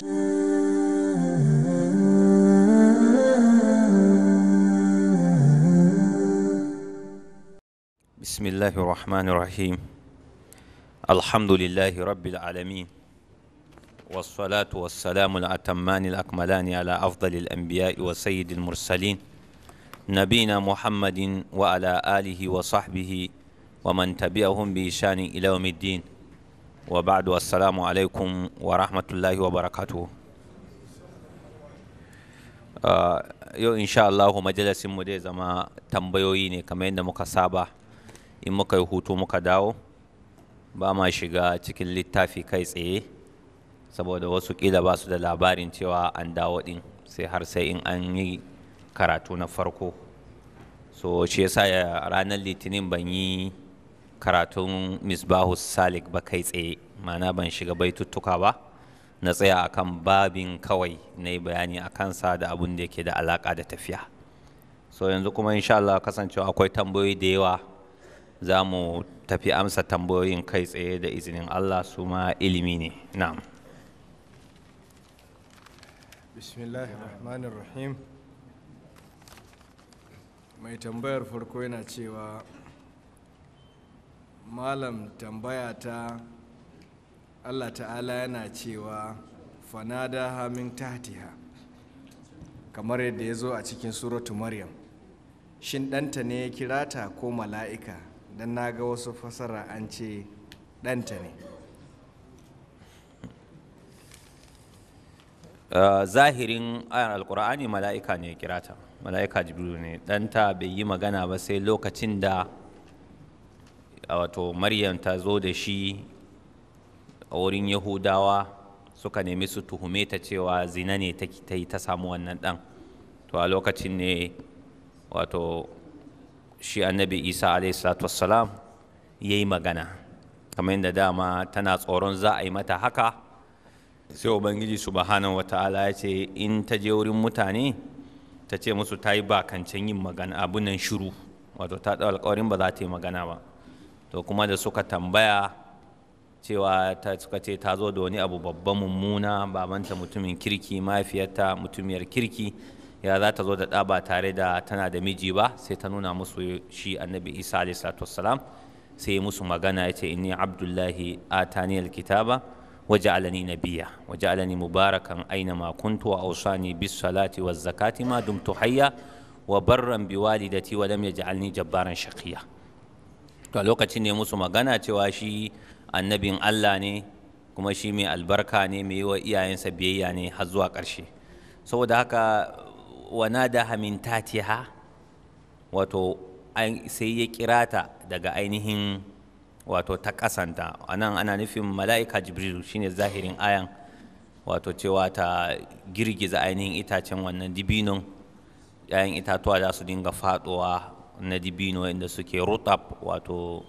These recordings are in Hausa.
بسم الله الرحمن الرحيم الحمد لله رب العالمين والصلاة والسلام الأتمان الأكملان على أفضل الأنبياء وسيد المرسلين نبينا محمد وعلى آله وصحبه ومن تبعهم بإشان إلى يوم الدين wa ba'du assalamu alaikum wa rahmatullahi wa uh, yau insha Allah majalisinmu zai zama tambayoyi ne kamar yadda muka saba in muka yi hutu muka dawo ba ma shiga cikin littafi kai tsaye saboda wasu kila ba su da labarin cewa an dawo ɗin sai har sai in an yi karatu na farko so shi yasa ranar litinin ban yi karatun misbahu salik ba kai tsaye mana ban shiga baituttuka ba na tsaya akan babin kawai na bayani a kansa da abun da yake da alaƙa da tafiya so yanzu kuma insha Allah kasancewa akwai tambayoyi da yawa za mu tafi amsa tambayoyin kai tsaye da izinin Allah su ma ilimi ne na'am bismillahirrahmanirrahim mai tambayar farko yana cewa malam tambaya ta allah ta'ala yana cewa fanada hamin tahtiha kamar yadda ya zo a cikin suratu maryam shin ɗanta ne ya kira ta ko mala'ika don na ga wasu fasara an ce ɗanta ne zahirin ayan alkur'ani mala'ika ne ya kira ta mala'ika jibiru ne ɗanta bai yi magana ba sai lokacin da wato maryam ta zo da shi a wurin yahudawa suka nemi su tuhume ta cewa zina ne ta yi ta samu wannan ɗan to a lokacin ne wato shi annabi isa alaihissalatu wassalam ya yi magana kamar yadda dama tana tsoron za a yi mata haka sai ubangiji subhanahu wata'ala ya ce in ta je wurin mutane ta ce musu ta yi bakancan yin magana abunan shiru wato ta ɗau alƙawarin ba za ta yi magana ba to kuma da suka tambaya cewa ta suka ce ta zo da wani abu babban mummuna babanta mutumin kirki mafiyarta mutumiyar kirki ya za ta zo da ɗa ba tare da tana da miji ba sai ta nuna musu shi annabi isa alaihissalatu wassalam sai musu magana ya ce inni abdullahi atani alkitaba waja'alani waje alani mubarakan aina makuntu kuntu wa awsani bis salati waz zakati ma dumtu hayya wa barran biwalidati wa lam yaj'alni jabbaran shaqiya to a lokacin ne musu magana cewa shi annabin Allah ne kuma shi mai albarka ne mai yi wa iyayensa biyayya ne har zuwa ƙarshe saboda haka wana da hamin tatiha wato sai ya kira ta daga ainihin wato ta kasanta a nan ana nufin mala'ika jibril shine zahirin ayan wato cewa ta girgiza ainihin itacen wannan dibinon yayin itatuwa za su dinga faɗowa na dibino inda suke rutab wato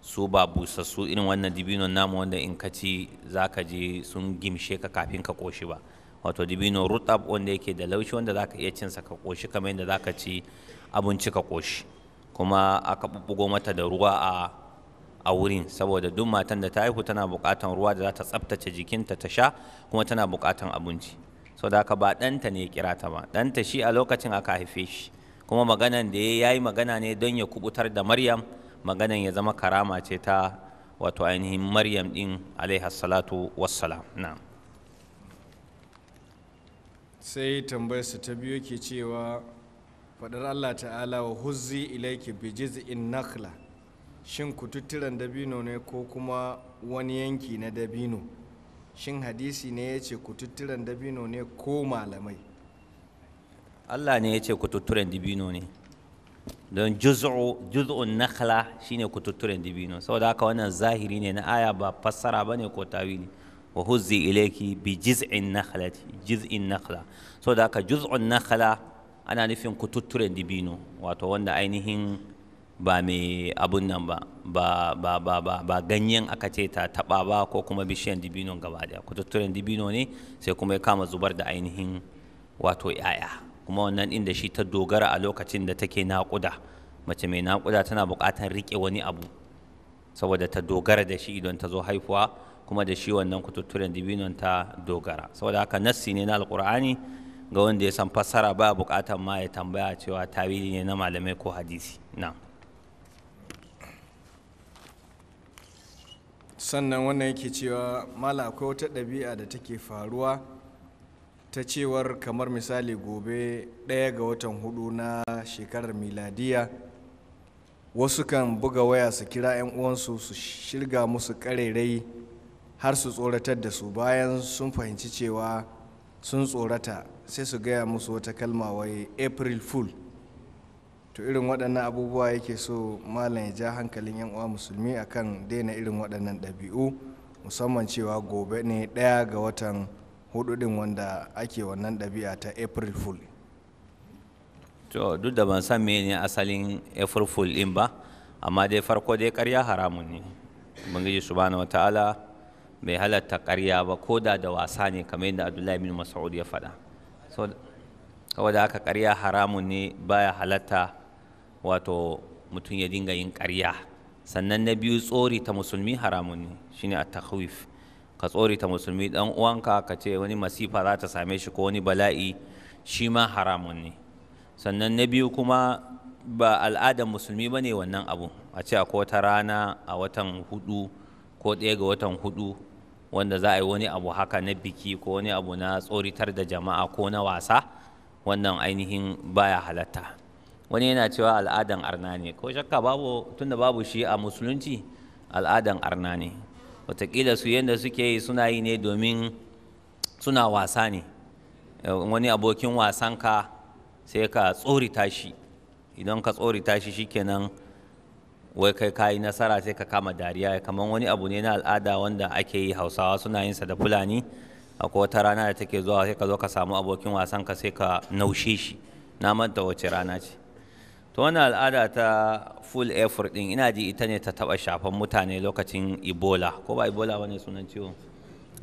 su ba busassu irin wannan dibino namu wanda in ka ci za ka je sun gimshe ka kafin ka koshi ba wato dibino rutab wanda yake da laushi wanda za ka iya cinsa ka koshi kamar yadda za ka ci abinci ka koshi kuma aka ɓuɓɓugo mata da ruwa a a wurin saboda duk matan da ta haihu tana bukatan ruwa da za ta tsaftace jikinta ta sha kuma tana bukatan abinci saboda haka ba ɗanta ne ya kira ta ba ɗanta shi a lokacin aka haife shi kuma maganan da ya yi magana ne don ya kubutar da maryam maganan ya zama karama ce ta wato ainihin maryam din alaiha salatu wassalam na sai tambayar su ta biyu ke cewa faɗar allah ta'ala wa huzzi ilaiki bi jiz'in nakhla shin kututturen dabino ne ko kuma wani yanki na dabino shin hadisi ne ya ce kututturen dabino ne ko malamai Allah ne ya ce kututturen dibino ne don juz'un nakhla shine kututturen dibino saboda haka wannan zahiri ne na aya ba fassara bane ko tawili wa huzzi ilayki bi juz'in nakhlati juz'in nakhla saboda haka juz'un nakhla ana nufin kututturen dibino wato wanda ainihin ba mai abun nan ba ba ba ba ba ba ganyen aka ce ta taba ba ko kuma bishiyan dibino gaba daya kututturen dibino ne sai kuma ya kama zubar da ainihin wato 'ya'ya kuma wannan inda shi ta dogara a lokacin da take naƙuda mace mai naƙuda tana buƙatar riƙe wani abu saboda ta dogara da shi idan ta zo haifuwa kuma da shi wannan kututturen dibinon ta dogara saboda haka nassi ne na alƙur'ani ga wanda ya san fassara ba buƙatar ma ya tambaya cewa tawili ne na malamai ko hadisi na sannan wannan yake cewa mala akwai wata ɗabi'a da take faruwa ta cewar kamar misali gobe ɗaya ga watan hudu na shekarar miladiya wasu kan buga waya su kira 'yan uwansu su shirga musu ƙarerai har su tsoratar da su bayan sun fahimci cewa sun tsorata sai su gaya musu wata kalma wai april fool to irin waɗannan abubuwa yake so malam ya ja hankalin 'yan uwa musulmi akan daina irin waɗannan ɗabi'u musamman cewa gobe ne ɗaya ga watan hudu din wanda ake wannan ɗabi'a ta april fool to duk da ban san mene asalin april fool in ba amma dai farko dai karya haramun ne ubangiji subhanahu wataala bai halatta karya ba ko da da wasa ne kamar yadda abdullahi bin mas'ud ya faɗa kawai da aka karya haramun ne baya halatta wato mutum ya dinga yin karya sannan na biyu tsori ta musulmi haramun ne shine at-takhwif ka tsorita musulmi dan uwanka ka ce wani masifa za ta same shi ko wani bala'i shi ma haramun ne sannan na biyu kuma ba al'adar musulmi ba ne wannan abu a ce akwai wata rana a watan hudu ko ɗaya ga watan hudu wanda za a yi wani abu haka na biki ko wani abu na tsoritar da jama'a ko na wasa wannan ainihin baya halatta wani yana cewa al'adan arna ne ko shakka babu tunda babu shi a musulunci al'adan arna ne wataƙila su yadda suke yi suna yi ne domin suna wasa ne wani abokin wasanka sai ka tsorita shi idan ka tsorita shi shikenan wai kai ka yi nasara sai ka kama dariya kamar wani abu ne na al'ada wanda ake yi hausawa suna yinsa da fulani akwai wata rana da take zuwa sai ka zo ka samu abokin wasan ka sai ka naushe shi na manta wace rana ce to wannan al'ada ta full effort din ina ji ita ne ta taba shafan mutane lokacin ebola ko ba ebola wani sunan ciwon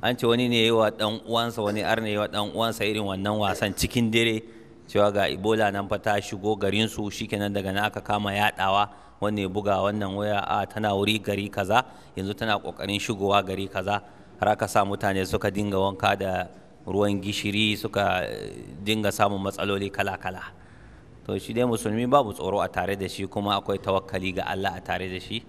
an ce wani ne wa dan uwansa wani arne wa dan uwansa irin wannan wasan cikin dare cewa ga ebola nan fa ta shigo garin su shikenan daga nan aka kama yadawa wanne buga wannan waya a tana wuri gari kaza yanzu tana kokarin shigowa gari kaza har aka sa mutane suka dinga wanka da ruwan gishiri suka eh, dinga samun matsaloli kala-kala to shi dai musulmi babu tsoro a tare da shi kuma akwai tawakkali ga Allah a tare da shi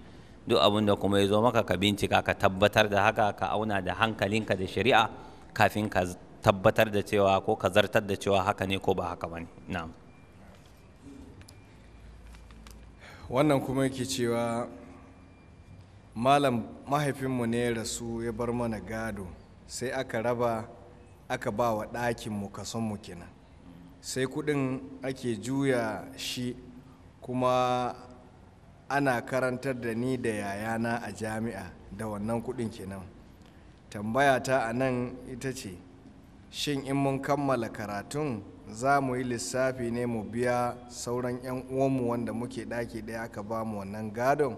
duk abin da kuma ya zo maka ka bincika ka tabbatar da haka ka auna da hankalinka da shari'a kafin ka tabbatar da cewa ko ka zartar da cewa haka ne ko ba haka ba ne na'am wannan kuma yake cewa malam mahaifinmu ne rasu ya bar mana gado sai aka raba aka ba wa ɗakinmu kasonmu kenan sai kudin ake juya shi kuma ana karantar da ni da yayana a jami'a da wannan kudin kenan tambaya ta a nan ita ce shin in mun kammala karatun za mu yi lissafi ne mu biya sauran 'yan uwanmu wanda muke ɗaki ɗaya aka ba mu wannan gadon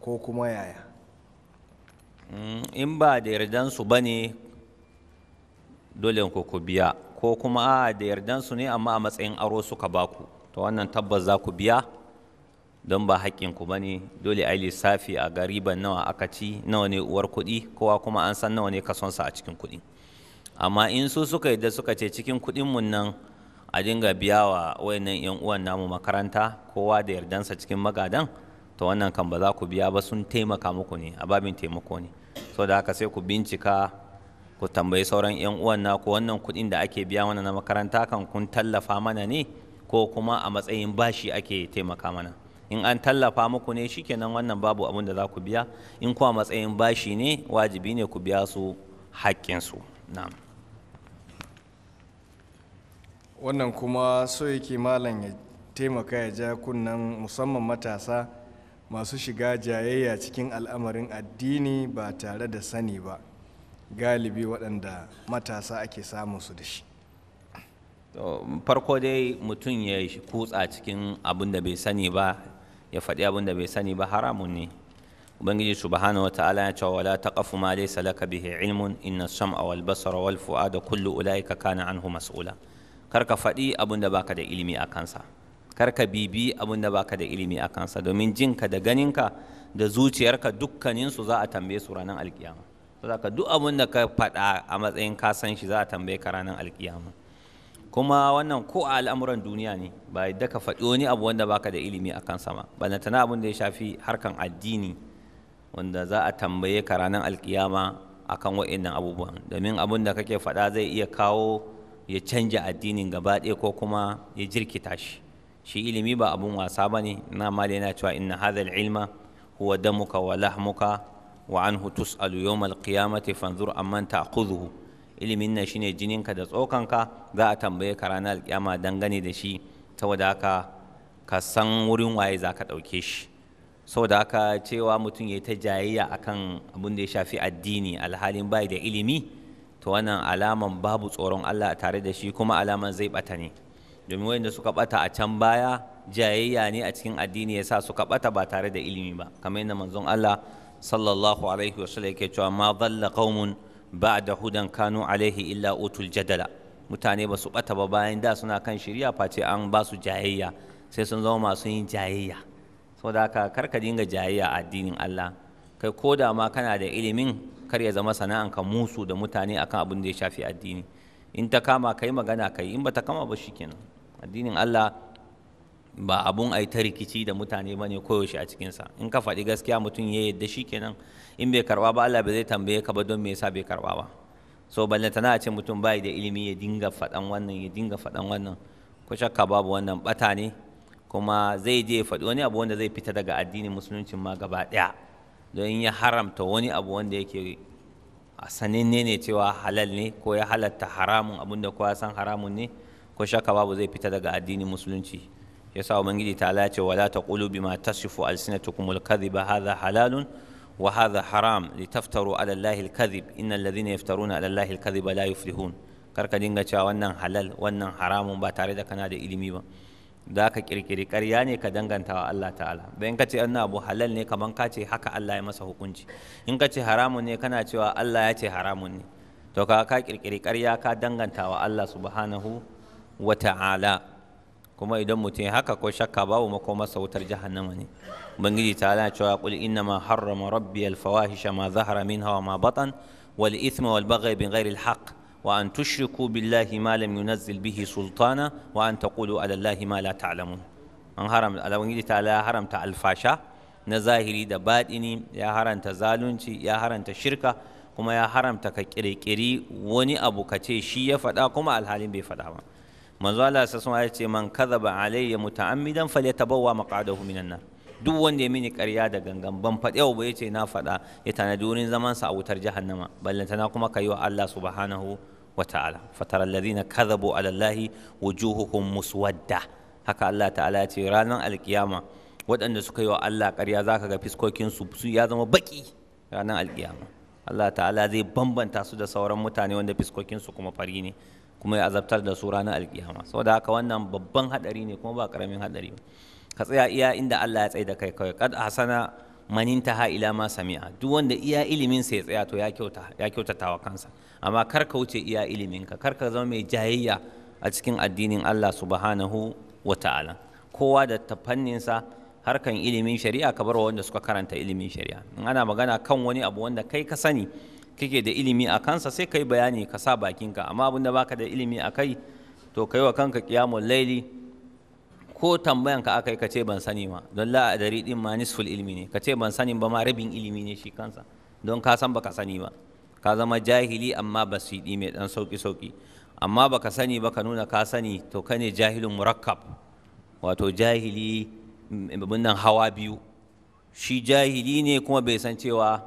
ko kuma yaya mm, in ba da yardansu ba ne dole ku biya ko kuma a da yardansu ne amma a matsayin aro suka baku to wannan tabbas za ku biya don ba haƙƙinku ba ne dole a yi lissafi a gariban nawa aka ci nawa ne uwar kuɗi kowa kuma an san nawa ne kasonsa a cikin kuɗi amma in su suka yadda suka ce cikin kuɗinmu nan a dinga biya wa wayannan yan uwan namu makaranta kowa da yardansa cikin magadan to wannan kan ba za ku biya ba sun taimaka muku ne a babin taimako ne saboda haka sai ku bincika ku tambayi sauran 'yan uwan ku wannan kuɗin da ake biya mana na makaranta kan kun tallafa mana ne ko kuma a matsayin bashi ake taimaka mana in an tallafa muku ne shikenan wannan babu abin da za ku biya in kuwa matsayin bashi ne wajibi ne ku biya su haƙƙinsu na'am wannan kuma so yake malam ya taimaka ya ja kunnan musamman matasa masu shiga jayayya cikin al'amarin addini ba tare da sani ba galibi waɗanda matasa ake samun su da shi farko dai mutum ya kutsa cikin abin da bai sani ba ya faɗi abin da bai sani ba haramun ne ubangiji subhanahu wataala ya ce wala taqafu ma laysa laka bihi ilmun inna sam'a wal basara wal fu'ada kullu ulaika kana anhu mas'ula kar ka faɗi abin da baka da ilimi a kansa kar ka bibi abin da baka da ilimi a kansa domin jinka da ganinka da zuciyarka dukkaninsu za a tambaye su ranar alkiyama saboda duk abin da ka faɗa a matsayin ka san shi za a tambaye ka ranar alkiyama kuma wannan ko a al'amuran duniya ne ba yadda ka faɗi wani abu wanda baka da ilimi a kan sama ba na tana abin da ya shafi harkan addini wanda za a tambaye ka ranar alkiyama kan wa'annan abubuwan domin abin da kake faɗa zai iya kawo ya canja addinin gaba ɗaya ko kuma ya jirkita shi shi ilimi ba abun wasa ba ne na mali yana cewa inna hadha ilma huwa damuka wa lahmuka wa anhu tus'alu yawmal qiyamati fanzur amman ta'khudhuhu ilimin nan shine jininka da tsokanka za a tambaye ka ranar alkiyama dangane da shi saboda haka ka san wurin waye za ka ɗauke shi saboda haka cewa mutum ya ta jayayya akan abun da ya shafi addini alhalin bai da ilimi to wannan alaman babu tsoron Allah tare da shi kuma alaman zai bata ne domin wanda suka bata a can baya jayayya ne a cikin addini yasa suka bata ba tare da ilimi ba kamar yadda manzon Allah sallallahu alaihi wasallam yake cewa ma dhalla qaumun da hudan kanu alaihi illa utul jadala mutane ba su bata ba bayan da suna kan shirya face an ba su jayayya sai sun zama masu yin jayayya saboda haka kar ka dinga jayayya a addinin Allah kai ko da ma kana da ilimin kar ya zama sana'anka musu da mutane akan abin da ya shafi addini in ta kama kai magana kai in ba ta kama ba shikenan addinin Allah ba abun ai ta rikici da mutane bane koyaushe a cikinsa in ka faɗi gaskiya mutum ya yadda shi kenan in bai karɓa ba Allah ba zai tambaye ka ba don me yasa bai karɓa ba so ballantana a ce mutum bai da ilimi ya dinga faɗan wannan ya dinga faɗan wannan ko shakka babu wannan ɓata ne kuma zai je ya faɗi wani abu wanda zai fita daga addinin musuluncin ma gaba daya don ya haramta wani abu wanda yake a sananne ne cewa halal ne ko ya halatta haramun abinda kowa san haramun ne ko shakka babu zai fita daga addinin musulunci yasa ubangiji ta ala ce wala taqulu bima tasifu alsinatukum alkadhiba hadha halalun wa hadha haram litaftaru ala allahi alkadhib na ladhina yaftaruna ala allahi alkadhiba la yuflihun karka dinga cewa wannan halal wannan haramun ba tare da kana da ilimi ba da ka kirkiri karya ne ka danganta wa Allah ta'ala da in ka ce an abu halal ne kaman ka ce haka Allah ya masa hukunci in ka ce haramun ne kana cewa Allah ya ce haramun ne to ka ka kirkiri karya ka danganta wa Allah subhanahu wa ta'ala kuma idan mutum haka ko shakka babu makomarsa wutar jahannama ne ubangiji ta ala cewa qul inna ma harrama rabbi al fawahisha ma zahara minha wa ma batan wal ithma wal baghy bin ghairi al haqq wa an tushriku billahi ma lam yunazzil bihi sultana wa an taqulu ala allahi ma la ta'lamun an haram ubangiji ta ala haramta alfasha na zahiri da baɗini ya haramta zalunci ya haramta shirka kuma ya haramta ka kirkiri wani abu ka ce shi ya faɗa kuma alhalin bai faɗa ba manzo Allah sa sun ce man kadhaba alayya muta'ammidan falyatabawwa maq'adahu minan nar duk wanda ya mini ƙarya da gangan ban faɗi yau ba yace na faɗa ya tanadi wurin zaman sa a wutar jahannama ballantana kuma kai wa Allah subhanahu wa ta'ala fatara alladhina kadhabu ala allahi wujuhuhum muswadda haka Allah ta'ala ya ce ranar alkiyama waɗanda suka yi wa Allah ƙarya zaka ga fiskokinsu su ya zama baƙi ranar alkiyama Allah ta'ala zai bambanta su da sauran mutane wanda fiskokinsu kuma fari ne kuma ya azabtar da su ranar alkiyama saboda haka wannan babban hadari ne kuma ba karamin hadari ba ka tsaya iya inda Allah ya tsaye da kai kawai kad hasana maninta ha ila ma sami'a duk wanda iya ilimin sa ya tsaya to ya kyauta ya kyautatawa kansa amma kar ka wuce iya ilimin ka kar ka zama mai jayayya a cikin addinin Allah subhanahu wa ta'ala kowa da tafannin sa harkan ilimin shari'a ka bar wa wanda suka karanta ilimin shari'a in ana magana kan wani abu wanda kai ka sani kake da ilimi a kansa sai kai bayani ka sa bakinka amma abin da baka da ilimi a kai to kai wa kanka qiyamul laili ko tambayan ka aka yi ka ce ban sani ma don la adari din ma nisful ilmi ne ka ce ban sani ba ma rabin ilimi ne shi kansa don ka san baka sani ba ka zama jahili amma basidi mai dan sauki sauki amma baka sani ba ka nuna ka sani to ka ne jahilun murakkab wato jahili mm, nan hawa biyu shi jahili ne kuma bai san cewa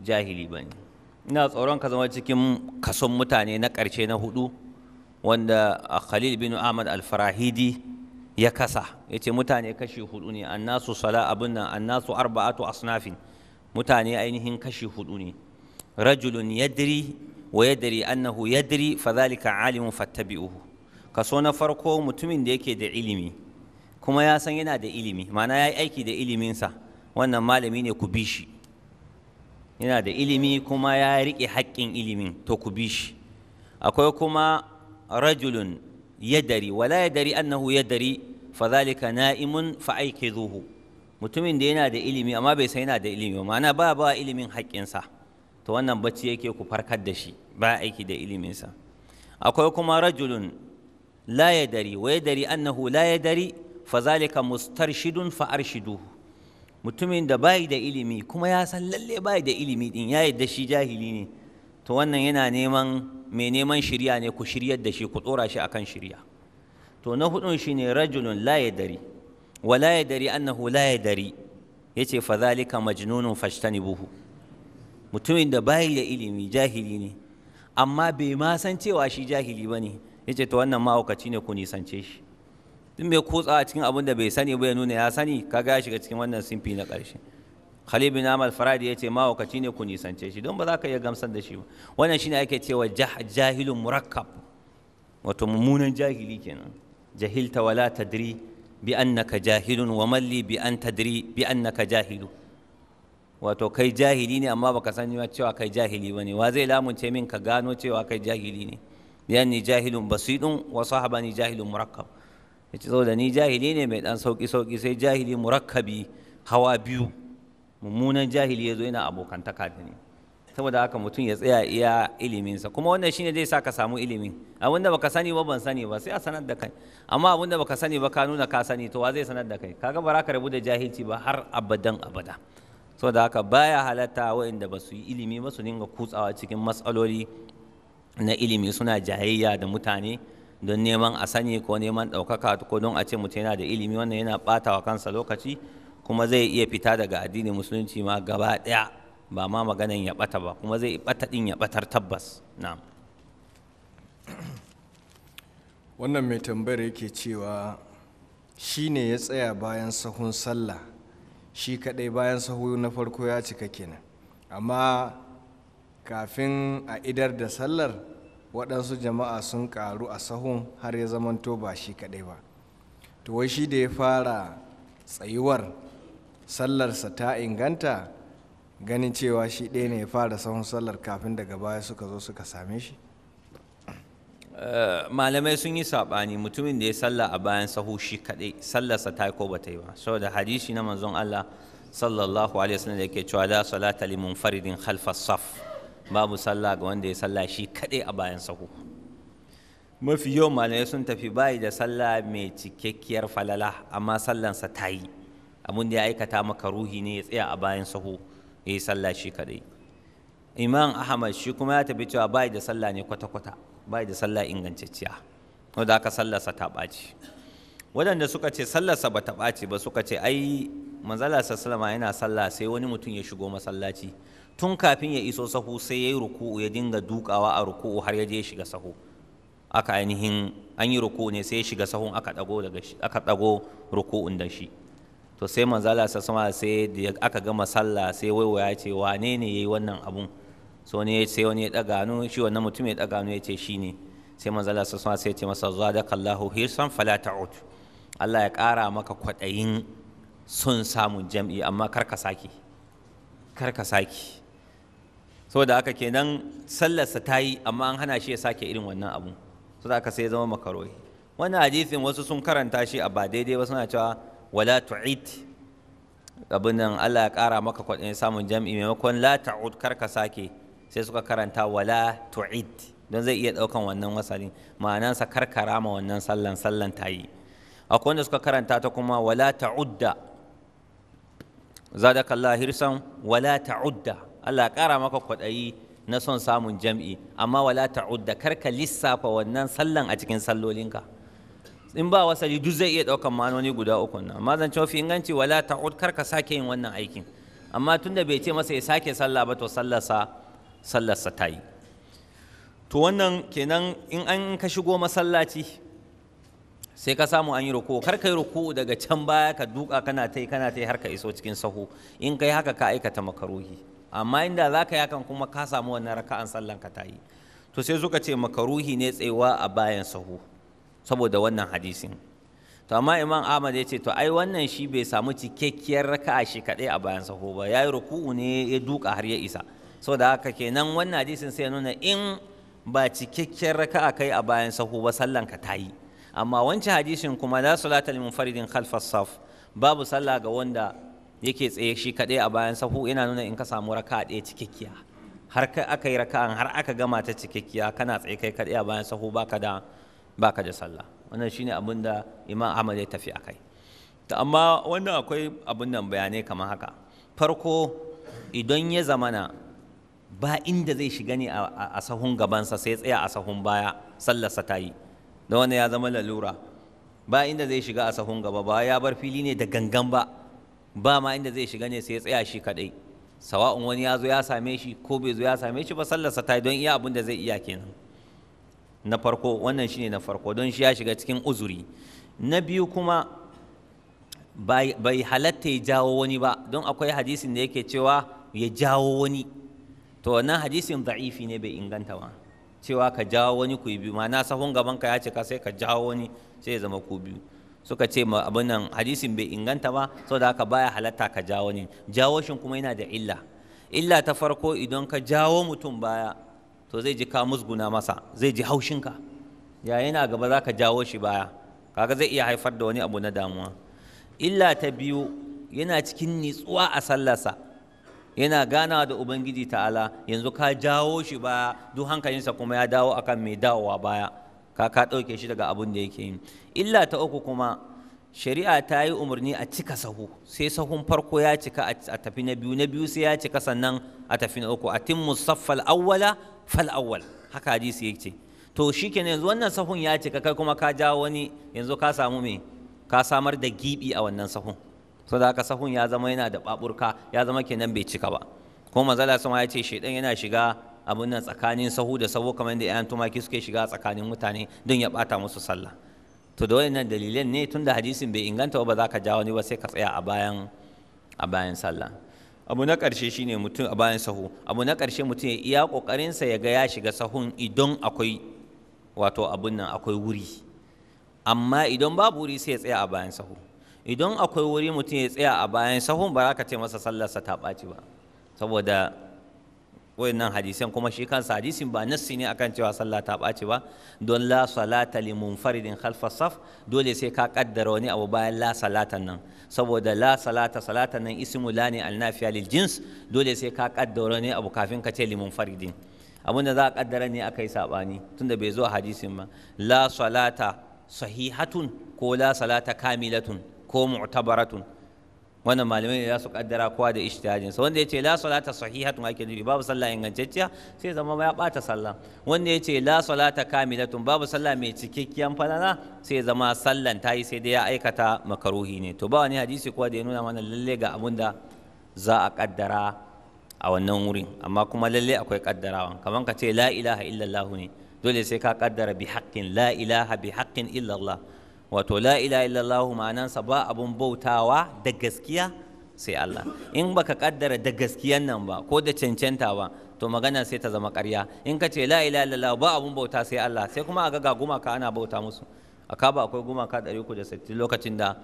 jahili ba ne ina tsoron ka zama cikin kason mutane na ƙarshe na hudu wanda khalil bin ahmad al-farahidi ya kasa ya ce mutane kashi hudu ne annasu sala abin nan annasu arba'atu asnafin mutane ainihin kashi hudu ne rajulun yadri wa yadri annahu yadri fa zalika alimun fattabi'uhu kaso na farko mutumin da yake da ilimi kuma ya san yana da ilimi ma'ana ya yi aiki da iliminsa wannan malami ne ku bi shi yana da ilimi kuma ya riƙe haƙƙin ilimin to ku bi shi akwai kuma rajulun yadari wala yadari annahu yadari zalika na'imun fa aikizuhu mutumin da yana da ilimi amma bai san yana da ilimi ba ma'ana ba ba ilimin haƙƙinsa to wannan bacci yake ku farkar da shi ba aiki da iliminsa akwai kuma rajulun la yadari wa yadari annahu la yadari fadhalika mustarshidun fa arshiduhu mutumin da bai da ilimi kuma ya san lalle bai da ilimi din ya yadda shi jahili ne to wannan yana neman mai neman shirya ne ku shiryar da shi ku tsora shi akan shirya to na hudun shine rajulun la yadari wa la yadari annahu la yadari yace fa zalika majnunun fashtanibuhu mutumin da bai da ilimi jahili ne amma bai ma san cewa shi jahili bane yace to wannan mahaukaci ne ku nisance shi duk mai kutsa a cikin abin da bai sani ba ya nuna ya sani kaga ya shiga cikin wannan simfi na ƙarshe Khalid bin Amal Faradi ya ce mawakaci ne ku nisance shi don ba za ka iya gamsar da shi ba wannan shine ake cewa jahilun murakkab wato mummunan jahili kenan jahilta wala tadri bi annaka jahilun wa malli bi an tadri bi annaka jahilu wato kai jahili ne amma baka sani cewa kai jahili bane wa zai lamunce min ka gano cewa kai jahili ne yanni jahilun basidun wa sahabani jahilun murakkab ya ce saboda ni jahili ne mai dan sauki sauki sai jahili murakkabi hawa biyu mummunan jahili ya zo yana abokantaka da ni saboda haka mutum ya tsaya iya iliminsa kuma wannan shine zai sa ka samu ilimi abin da baka sani ba ban sani ba sai a sanar da kai amma abin da baka sani ba ka nuna ka sani to wa zai sanar da kai kaga ba ka rabu da jahilci ba har abadan abada saboda haka baya halatta waɗanda ba su yi ilimi ba su dinga kutsawa cikin matsaloli na ilimi suna jayayya da mutane don neman a sani ko neman ɗaukaka ko don a ce mutum yana da ilimi wannan yana ɓata wa kansa lokaci kuma zai iya fita daga addinin musulunci ma gaba ɗaya ba ma maganan ya ɓata ba kuma zai ɓata ɗin ya ɓatar tabbas na. wannan mai tambayar yake cewa shi ne ya tsaya bayan sahun sallah shi kaɗai bayan sahu na farko ya cika kenan amma kafin a idar da sallar waɗansu jama'a sun ƙaru a sahun har ya zamanto ba shi kaɗai ba to wai shi da ya fara tsayuwar sallarsa ta inganta ganin cewa shi ɗaya ne ya fara sahun sallar kafin daga baya suka zo suka same shi eh, malamai sun yi saɓani mutumin da ya salla a bayan sahu shi kaɗai sallarsa ta yi ko ba ta yi ba saboda hadisi na manzon Allah sallallahu alaihi wasallam da yake cewa la salata li munfaridin khalfa saf babu sallah ga wanda ya sallah shi kaɗai a bayan sahu mafi yau malamai sun tafi bayi da sallah mai cikakkiyar falala amma sallansa ta yi abin da ya aikata maka ruhi ne ya tsaya a bayan sahu ya yi sallah shi kaɗai imam ahmad shi kuma ya tafi cewa bayi da sallah ne kwata-kwata bayi da sallah ingantacciya wanda aka sallarsa ta ɓaci waɗanda suka ce sallarsa ba ta ɓaci ba suka ce ai manzala sallama yana sallah sai wani mutum ya shigo masallaci tun kafin ya iso sahu sai ya yi ruku'u ya dinga dukawa a ruku'u har ya je shiga sahu aka ainihin an yi ruku'u ne sai ya shiga sahun aka dago ruku'un da shi to sai manzala sa sama sai da aka gama sallah sai waiwaya ce wane ne ya yi wannan abun so ne sai wani ya daga hannu shi wannan mutum ya daga hannu ya ce ne sai manzala sa sama sai ya ce masa zuwa kallahu hirsan fala ta'ud Allah ya ƙara maka kwaɗayin son samun jam'i amma kar ka sake kar ka sake saboda haka kenan sallarsa ta yi amma an hana shi ya sake irin wannan abu saboda aka sai zama makaroyi. wannan hadisin wasu sun karanta shi a ba daidai ba suna cewa wala tu'id abin nan Allah ya kara maka kwaɗin samun jam'i maimakon la ta'ud kar ka sake sai suka karanta wala tu'id don zai iya ɗaukan wannan wasalin ma'anansa kar ka rama wannan sallan sallan ta yi akwai wanda suka karanta ta kuma wala ta'udda zadaka hirsan wala ta'udda Allah ƙara maka kwaɗayi na son samun jam'i amma wala ta'udda karka lissafa wannan sallan a cikin sallolinka in ba wasali duk zai iya ɗaukan manoni guda uku nan amma zan fi inganci wala ta'ud karka sake yin wannan aikin amma tunda bai ce masa ya sake sallah ba to sallarsa sallarsa ta yi to wannan kenan in an ka shigo masallaci sai ka samu an yi ruku kar ka yi ruku daga can baya ka duka kana ta yi kana ta har ka iso cikin sahu in kai haka ka aikata makaruhi amma inda za ka yakan kuma ka samu wannan raka'an sallan ka ta yi to sai suka ce makaruhi ne tsayuwa a bayan sahu saboda wannan hadisin to amma imam ahmad ya ce to ai wannan shi bai samu cikakkiyar raka'a shi kadai a bayan sahu ba yayi ruku'u ne ya duka har ya isa saboda haka kenan wannan hadisin sai ya nuna in ba cikakkiyar raka'a kai a bayan sahu ba sallan ka ta yi amma wancan hadisin kuma la salata lil munfaridin khalfas saf babu sallah ga wanda yake tsaye shi kaɗai a bayan sahu ina nuna in ka samu raka ɗaya cikakkiya har kai aka yi raka'an har aka gama ta cikakkiya kana tsaye kai kaɗai a bayan sahu baka da baka da sallah wannan shine abin da imam ahmad ya tafi akai to amma wannan akwai abin nan bayanai kamar haka farko idan ya zamana ba inda zai shiga ne a sahun gabansa sai tsaya a sahun baya sallarsa ta yi da wannan ya zama lalura ba inda zai shiga a sahun gaba ba ya bar fili ne da gangan ba ba ma inda zai shiga ne sai ya tsaya shi kadai sawa'un wani ya zo ya same shi ko bai zo ya same shi ba sallarsa ta don iya abin da zai iya kenan na farko wannan shine na farko don shi ya shiga cikin uzuri na biyu kuma bai halatta ya jawo wani ba don akwai hadisin da yake cewa ya jawo wani to wannan hadisin da'ifi ne bai inganta ba cewa ka jawo wani ku biyu ma na sahun gaban ka ya ka sai ka jawo wani sai ya zama ku biyu suka ce ma abin nan hadisin bai inganta ba saboda haka baya halatta ka jawo ne jawo shin kuma yana da illa illa ta farko idan ka jawo mutum baya to zai ji ka musguna masa zai ji haushinka ya yana gaba za ka jawo shi baya kaga zai iya haifar da wani abu na damuwa illa ta biyu yana cikin nitsuwa a sallarsa yana ganawa da ubangiji ta'ala yanzu ka jawo shi baya duk hankalinsa kuma ya dawo akan mai dawowa baya ka ka ɗauke shi daga abun da yake yi illa ta uku kuma shari'a ta yi umarni a cika sahu sai sahun farko ya cika a tafi na biyu na biyu sai ya cika sannan a tafi na uku tin musaffal awwala fal awwal haka hadisi yake to shikenan yanzu wannan sahun ya cika kai kuma ka jawo wani yanzu ka samu me ka samar da gibi a wannan sahun so da haka sahun ya zama yana da baburka ya zama kenan bai cika ba kuma manzala sama ya ce shedan yana shiga abun nan tsakanin sahu da sahu kamar yadda 'yan tumaki suke shiga tsakanin mutane don ya bata musu sallah to da wannan dalilan ne tunda hadisin bai inganta ba za ka ja wani ba sai ka tsaya a bayan a bayan sallah abu na ƙarshe shine mutum a bayan sahu abu na ƙarshe mutum ya iya ƙoƙarinsa ya ga ya shiga sahun idan akwai wato abun nan akwai wuri amma idan babu wuri sai ya tsaya a bayan sahu idan akwai wuri mutum ya tsaya a bayan sahun ba za ka ce masa sallarsa ta ɓaci ba saboda wayannan hadisan kuma shi kansa hadisin ba nassi ne akan cewa sallah ta bace ba don la salata li munfaridin khalfa saf dole sai ka kaddara wani abu bayan la salatan nan saboda la salata salatan nan ismu la ne alnafiya lil jins dole sai ka kaddara wani abu kafin ka ce li munfaridin abin da za a kaddara ne akai saɓani tunda bai zo a hadisin ba la salata sahihatun ko la salata kamilatun ko mu'tabaratun wannan malamai ne za su kaddara kowa da ijtihadin sa wanda yace la salata sahihatun ake nufi babu sallah ingantacciya sai zama ya bata sallah wanda ya ce la salata kamilatun babu sallah mai cikakkiyar falala sai zama sallan tayi sai dai ya aikata makaruhi ne to ba wani hadisi kuwa da ya nuna mana lalle ga abun da za a kaddara a wannan wurin amma kuma lalle akwai kaddarawa kamar ka ce la ilaha illallah ne dole sai ka kaddara bi haqqin la ilaha bi haqqin illallah wato la ilaha illallah ma'anansa ba abun bautawa da gaskiya sai Allah in baka kaddara da gaskiyan nan ba ko da cancanta ba to magana sai ta zama ƙarya in ka ce la ilaha illallah ba abun bauta sai Allah sai kuma a ga gumaka ana bauta musu a kaba akwai gumaka sittin lokacin da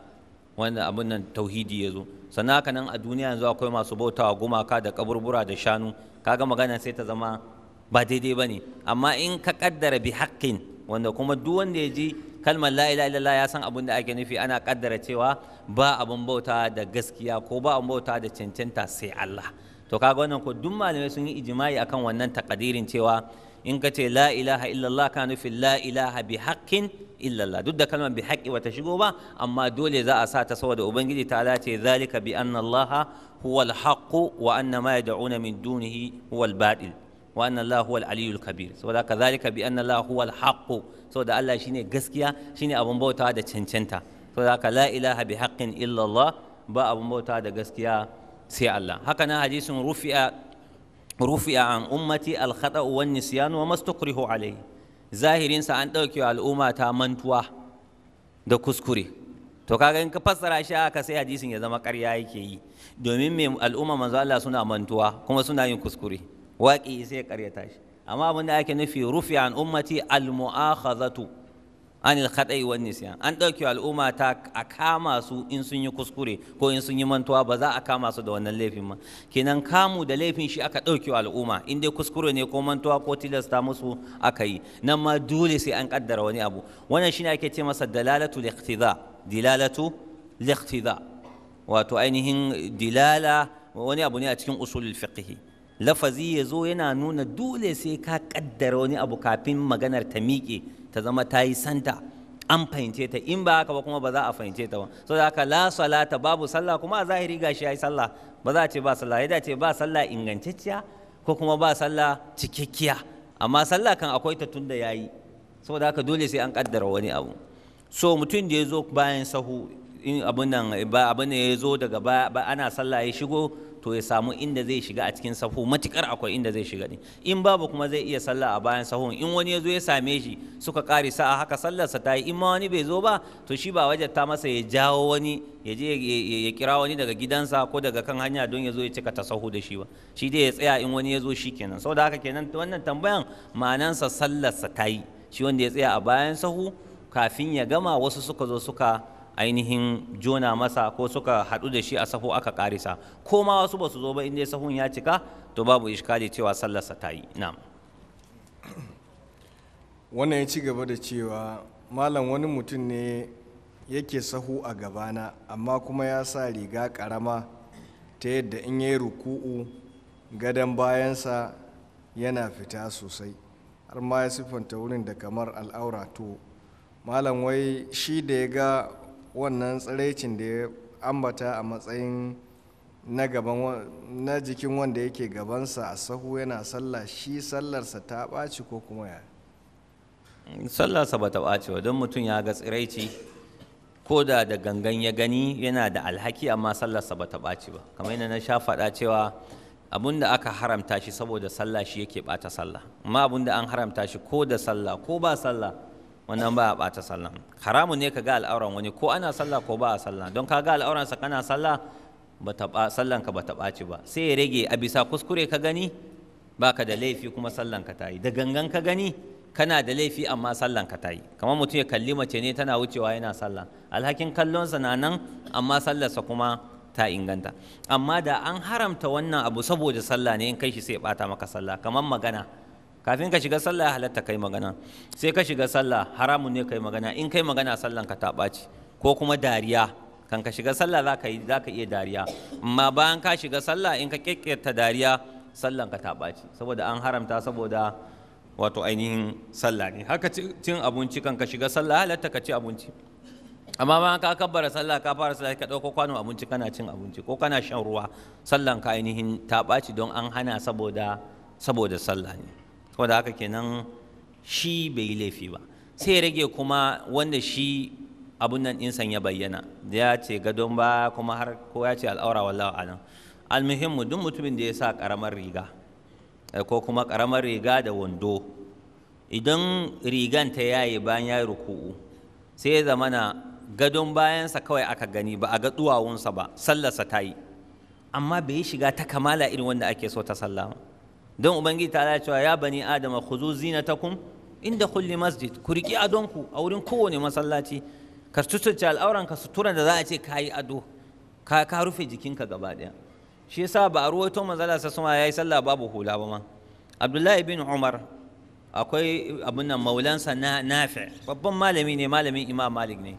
wanda abin nan tauhidi ya zo sannan haka nan a duniya yanzu akwai masu bautawa gumaka da kaburbura da shanu kaga magana sai ta zama ba daidai ba ne amma in ka kaddara bi haƙƙin wanda kuma duk wanda ya ji kalmar la ilaha illallah ya san abin da ake nufi ana kaddara cewa ba abin bauta da gaskiya ko ba abin bauta da cancanta sai Allah to kaga wannan ko duk malamai sun yi ijimai akan wannan takadirin cewa in ka ce la ilaha illallah ka nufi la ilaha bi haqqin illallah duk da kalmar bi haqqi bata shigo ba amma dole za a sa ta saboda ubangiji ta ce zalika bi anna allaha huwal haqqu wa anna ma yad'una min dunihi huwal batil wa anna Allah huwal aliyul kabir saboda kazalika bi anna Allah huwal haqq saboda Allah shine gaskiya shine abun bautawa da cancanta saboda haka la ilaha bi haqqin illa Allah ba abun bautawa da gaskiya sai Allah haka nan hadisin rufi'a rufi'a an ummati al khata wan nisyan wa mastukrihu alayhi zahirin sa an dauke al'umma ta mantuwa da kuskure to kaga in ka fassara shi haka sai hadisin ya zama ƙarya yake yi domin me al'umma manzo Allah suna mantuwa kuma suna yin kuskure waƙi sai ya karyata shi amma abin da ake nufi rufi an ummati almu'akhazatu anil khata'i wan nisyan an dauke al'umma ta a kama su in sun yi kuskure ko in sun yi mantuwa ba za a kama su da wannan laifin ma kenan kamu da laifin shi aka dauke al'umma in dai kuskure ne ko mantuwa ko tilasta musu aka yi nan ma dole sai an kaddara wani abu wannan shine ake ce masa dalalatu liqtida dilalatu liqtida wato ainihin dilala wani abu ne a cikin usulul fiqh lafazi ya zo yana nuna dole sai ka kaddara wani abu kafin maganar ta miƙe ta zama ta yi santa an fahimce ta in ba haka ba kuma ba za a fahimce ta ba so da haka la salata babu sallah kuma a zahiri gashi yayi sallah ba za a ce ba sallah ya dace ba sallah ingantacciya ko kuma ba sallah cikakkiya amma sallah kan akwai ta tunda yayi saboda haka dole sai an kaddara wani abu so mutum da ya zo bayan sahu in abin nan abin ya zo daga baya ana sallah ya shigo to ya samu inda zai shiga a cikin safu matukar akwai inda zai shiga din in babu kuma zai iya sallah a bayan sahun in wani ya zo ya same shi suka kare sa'a haka sallarsa ta yi in ma wani bai zo ba to shi ba ta masa ya jawo wani ya je ya kira wani daga gidansa ko daga kan hanya don ya zo ya cika ta sahu da shi ba shi dai ya tsaya in wani ya zo shi kenan saboda haka kenan wannan tambayan ma'anansa sallarsa ta yi shi wanda ya tsaya a bayan sahu kafin ya gama wasu suka zo suka ainihin jona masa ko suka haɗu da shi a sahu aka karisa ko ma wasu ba su zo ba inda sahun ya cika to babu iskali cewa sallarsa ta yi na'am wannan ya ci gaba da cewa malam wani mutum ne yake sahu a gabana amma kuma ya sa riga karama ta yadda in ya yi ruku'u gadon bayansa yana fita sosai har ma ya siffanta wurin da kamar al'aura to malam wai shi da ya ga wannan tsiraicin da ya ambata a matsayin na gaban na jikin wanda yake gabansa a sahu yana sallah shi sallarsa ta ɓaci ko kuma ya sallarsa ba ta ɓaci ba don mutum ya ga tsiraici ko da da gangan ya gani yana da alhaki amma sallarsa ba ta ɓaci ba kamar yadda na sha faɗa cewa abun da aka haramta shi saboda sallah shi yake ɓata sallah amma abun da an haramta shi ko da sallah ko ba sallah wannan ba a ɓata sallah haramun ne ka ga al'auran wani ko ana sallah ko ba a sallah don ka ga sa kana sallah bata ba ta bata ɓaci ba sai ya rage a bisa kuskure ka gani baka da laifi kuma sallan ta yi da gangan ka gani kana da laifi amma sallan ta yi kamar mutum ya kalli mace ne tana wucewa yana sallah alhakin kallonsa na nan amma sallarsa kuma ta inganta amma da an haramta wannan abu saboda sallah ne in kai shi sai ya ɓata maka sallah kamar magana kafin ka shiga sallah ya halatta kai magana sai ka shiga sallah haramun ne kai magana in kai magana sallan ka ta ɓaci ko kuma dariya kan ka shiga sallah za ka iya dariya amma bayan ka shiga sallah in ka ƙirƙirta dariya sallan ka ta ɓaci saboda an haramta saboda wato ainihin sallah ne haka cin abinci kan ka shiga sallah halatta ka ci abinci amma bayan ka kabbara sallah ka fara sallah ka ɗauko kwano abinci kana cin abinci ko kana shan ruwa sallan ka ainihin ta ɓaci don an hana saboda saboda sallah ne saboda haka kenan shi bai yi laifi ba sai rage kuma wanda shi abun nan insan ya bayyana ya ce gadon ba kuma har ko ya ce al'aura wallahu alam almuhimmu duk mutumin da ya sa karamar riga eh, ko kuma karamar riga da wando idan rigan ta yaye bayan ya ruku'u sai ya zamana gadon bayansa kawai aka gani ba a ga duwawunsa ba sallarsa ta yi amma bai shiga ta kamala irin wanda ake so ta sallama don ubangiji ta cewa ya bani adama ku zo zina ta zinatakum inda kulli masjid ku riki adonku a wurin kowane masallaci ka suturce al'auran ka sutura da za a ce ka yi ado ka ka rufe jikinka gaba daya shi yasa ba a ruwaito manzala sa suma yi sallah babu hula ba ma abdullahi bin umar akwai abin nan maulansa na nafi babban malami ne malamin imam malik ne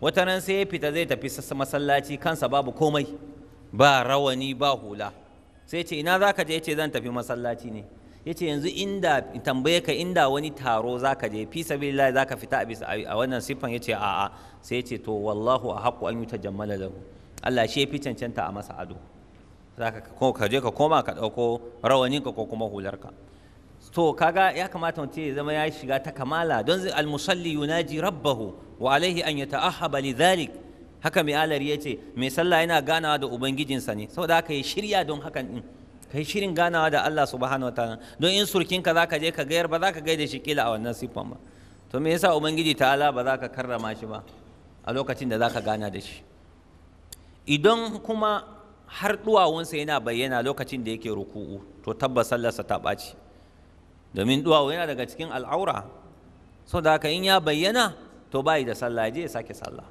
wata ran sai ya fita zai tafi masallaci kansa babu komai ba rawani ba hula sai ce ina zaka je yace zan tafi masallaci ne yace yanzu inda tambaye ka inda wani taro zaka je fi sabilillah zaka fita a bisa a wannan siffan yace a sai yace to wallahu ahqqu an yutajammala lahu Allah shi fi cancanta a masa ado zaka ko ka je ka koma ka dauko rawanin ka ko kuma hularka to kaga ya kamata mutum ya zama ya shiga ta kamala don al musalli yunaji rabbahu wa alaihi an yata'ahhaba lidhalik haka mai alari ya ce mai sallah yana ganawa da ubangijinsa ne saboda haka ya shirya don hakan din yi shirin ganawa da Allah subhanahu wataala don in surkinka ka je ka gayar ba za ka gaida shi kila a wannan siffan ba to me yasa ubangiji ta'ala ba za ka karrama shi ba a lokacin da za ka gana da shi idan kuma har duwawunsa yana bayyana lokacin da yake ruku'u to tabbas sallarsa ta ɓaci domin duwawu yana daga cikin al'aura saboda haka in ya bayyana to bayi da sallah ya je ya sake sallah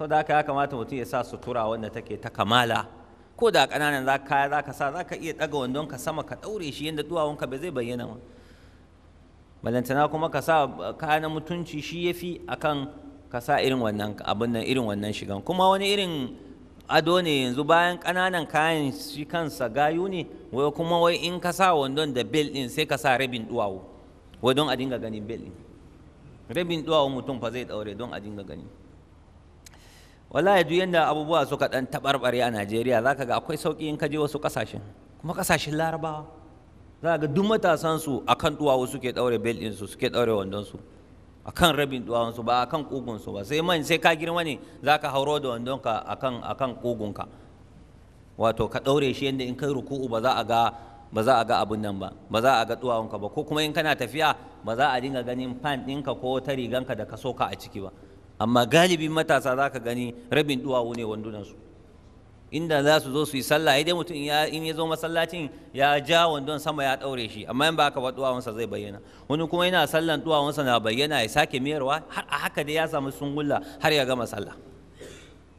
sau da haka ya kamata mutum ya sa sutura wanda take ta kamala ko da ƙananan za kaya za ka sa za ka iya ɗaga wandon ka sama ka ɗaure shi yadda duwawunka ba zai bayyana ba balantana kuma ka sa kaya na mutunci shi ya fi a kan ka sa irin wannan abin nan irin wannan shigan kuma wani irin ado ne yanzu bayan ƙananan kayan shi kansa gayu ne wai kuma wai in ka sa wandon da bel ɗin sai ka sa rabin duwawu wai don a dinga ganin bel ɗin rabin duwawu mutum fa zai ɗaure don a dinga gani wallahi duk yanda abubuwa suka dan tabarbare a Najeriya ka ga akwai sauki in ka je wasu kasashen kuma kasashen Larabawa za ga duk matasan su akan duwawu suke daure bel din su suke daure wandon su akan rabin duwawun su ba akan kugun su ba sai man sai ka girma ne za ka hauro da wandon ka akan akan kugun ka wato ka daure shi yanda in kai ruku'u ba za a ga ba za a ga abun nan ba ba za a ga ka ba ko kuma in kana tafiya ba za a dinga ganin fan ɗinka ko ta riganka da ka soka a ciki ba amma galibin matasa za ka gani rabin duwawu ne wandunansu inda za su zo su yi sallah idan mutum in ya zo masallacin ya ja wandon sama ya ɗaure shi amma in ba haka ba duwawansa zai bayyana wani kuma yana sallan duwawunsa na bayyana ya sake mayarwa har a haka dai ya samu sungulla har ya gama sallah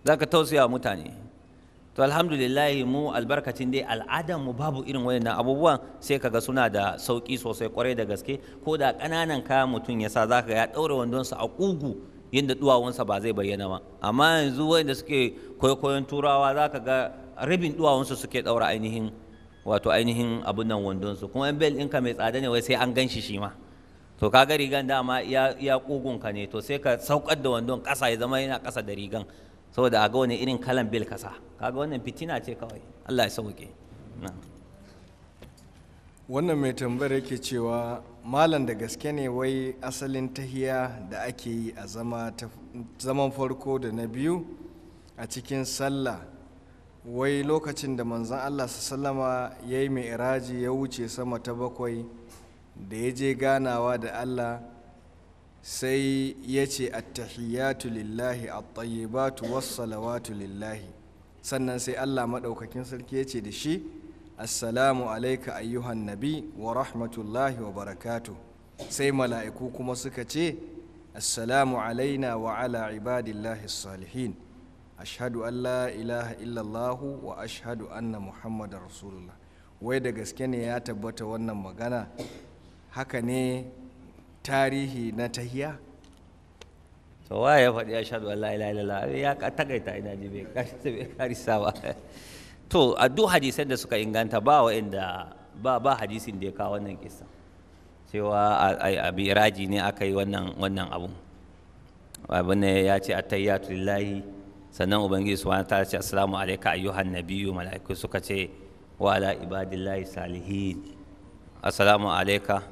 za ka tausaya mutane to alhamdulillah mu albarkacin dai al'adan mu babu irin wayannan abubuwan sai kaga suna da sauki sosai kwarai da gaske ko da kananan kaya mutum ya sa zaka ya ɗaure wandonsa a ƙugu yadda duwawunsa ba zai bayyana ba amma yanzu wanda suke kwaikwayon turawa za ka ga rabin duwawunsa suke daura ainihin wato ainihin abin nan wandonsu kuma yan bel ka mai tsada ne wai sai an gan shi shi ma to ga rigan dama ya ƙugunka ne to sai ka saukar da wandon ƙasa ya zama yana ƙasa da rigan saboda a ga wani irin kalan bel kasa kaga wannan fitina ce kawai Allah ya sauke wannan mai tambayar yake cewa malam da gaske ne wai asalin tahiya da ake yi a zaman farko da na biyu a cikin sallah wai lokacin da manzan allah salama ya yi mai iraji ya wuce sama ta bakwai da ya je ganawa da allah sai ya ce attahiyatu lillahi attayyibatu wassalawatu lillahi sannan sai allah maɗaukakin sarki ya ce da shi assalamu alaika ayyuhan nabi wa rahmatullahi wa barakatu sai mala'iku kuma suka ce assalamu alaina wa ala ibadillahi salihin ashadu an la ilaha illallahu wa ashadu anna muhammadar rasulullah wai da gaske ne ya tabbata wannan magana haka ne tarihi na tahiya to waye ya faɗi ashadu an la ilaha illallah ya takaita ina ji bai karisa ba to a duk hadisan da suka inganta ba wa'inda ba ba hadisin da ya kawo wannan kisa cewa a biraji ne aka yi wannan wannan abu ne ya ce a tayyatu lillahi sannan ubangiji su ta ce assalamu alaika ayyuhan nabiyyu mala'iku suka ce wa ala ibadillahi salihin assalamu alaika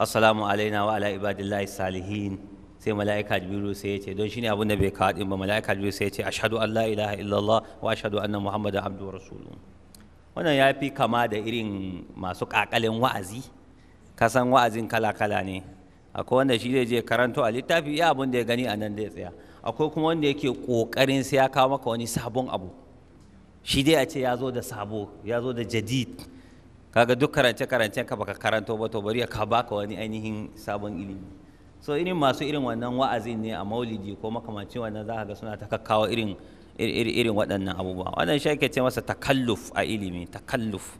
assalamu alaina wa ala ibadillahi salihin sai mala'ika jibrilu sai ya ce don shine abin da bai kawo din ba mala'ika jibrilu sai ya ce ashhadu an la ilaha illallah wa ashhadu anna muhammadan abdu rasulu rasuluhu wannan ya fi kama da irin masu kakalin wa'azi kasan wa'azin kala-kala ne akwai wanda shi zai je karanto a littafi ya abin da ya gani a nan da ya tsaya akwai kuma wanda yake kokarin sai ya kawo maka wani sabon abu shi dai a ce ya zo da sabo ya zo da jadid kaga duk karance-karancen ka baka karanto ba to bari ya ka baka wani ainihin sabon ilimi so irin masu irin wannan wa'azin ne a maulidi ko makamancin wannan za ka ga suna ta kakkawa irin waɗannan abubuwa wannan shi ake ce masa takalluf a ilimi takalluf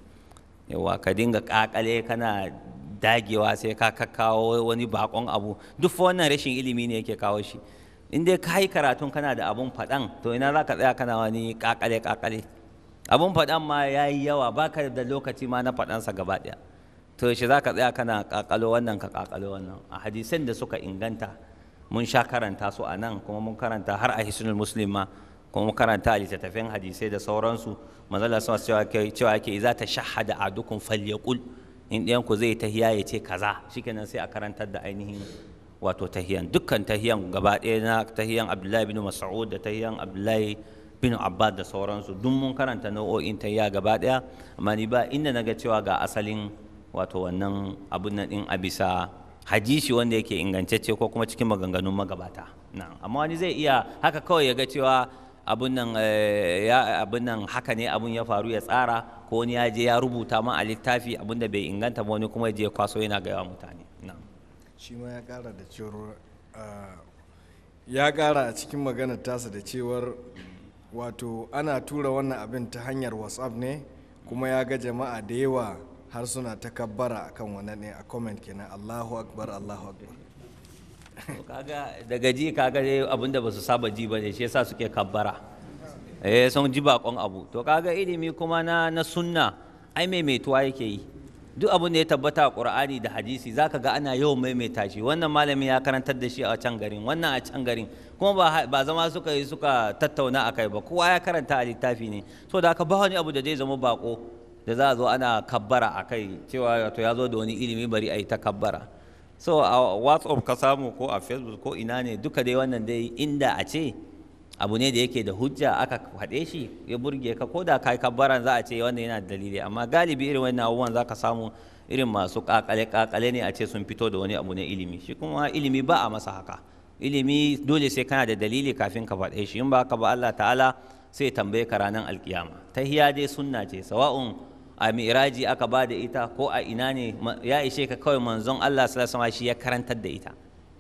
yawa ka dinga ƙaƙale kana dagewa sai ka kakkawo wani bakon abu duk wannan rashin ilimi ne yake kawo shi in dai ka yi karatun kana da abun faɗan to ina za ka tsaya kana wani ƙaƙale-ƙaƙale abun faɗan ma ya yi yawa baka da lokaci ma na faɗansa gaba ɗaya to yaushe za ka tsaya kana kakalo wannan ka kakalo wannan a hadisan da suka inganta mun sha karanta su a nan kuma mun karanta har a hisnul muslim ma kuma mun karanta a littattafin hadisai da sauransu manzala sama cewa cewa yake idza a adukum falyakul in ɗayan ku zai tahiya ya ce kaza shikenan sai a karantar da ainihin wato tahiyan dukkan tahiyan gaba ɗaya na tahiyan abdullahi bin mas'ud da tahiyan abdullahi bin abbas da sauransu duk mun karanta nau'o'in tahiya gaba ɗaya amma ni ba inda na ga cewa ga asalin wato wannan abun nan din a bisa hadisi wanda yake ingantacce ko kuma cikin maganganun magabata na'am amma wani zai iya haka kawai ya ga cewa abun nan eh, ya abun nan haka ne abun ya faru ya tsara ko wani ya je ya rubuta ma a littafi abun da bai inganta ba wani kuma ya je kwaso yana ga yawa mutane na'am shi ma ya kara da cewar eh, ya kara a cikin maganar tasa da cewar wato ana tura wannan abin ta hanyar whatsapp ne kuma ya ga jama'a da yawa har suna takabbara akan wannan ne a comment kenan Allahu akbar Allahu akbar kaga daga ji kaga abinda ba su saba ji ba ne shi yasa suke kabbara eh sun ji bakon abu to kaga ilimi kuma na na sunna ai maimaituwa yake yi duk abin da ya tabbata a qur'ani da hadisi zaka ga ana yawan maimaita shi wannan malamin ya karantar da shi a can garin wannan a can garin kuma ba ba zama suka yi suka tattauna akai ba kowa ya karanta a littafi ne so da haka ba wani abu da zai zama bako da za a zo ana kabbara a kai cewa to ya zo da wani ilimi bari a yi ta kabbara so a whatsapp ka samu ko a facebook ko ina ne duka dai wannan dai inda a ce abu ne da yake da hujja aka haɗe shi ya burge ka ko da kai kabbaran za a ce wannan yana da dalili amma galibi irin wannan abubuwan za ka samu irin masu kakale kakale ne a ce sun fito da wani abu na ilimi shi kuma ilimi ba a masa haka ilimi dole sai kana da dalili kafin ka faɗe shi in ba ka ba Allah ta'ala sai tambaye ka ranar alkiyama hiya dai sunna ce sawa'un a miraji aka ba da ita ko a ina ne ya ishe ka kawai manzon Allah sallallahu alaihi shi ya karantar da ita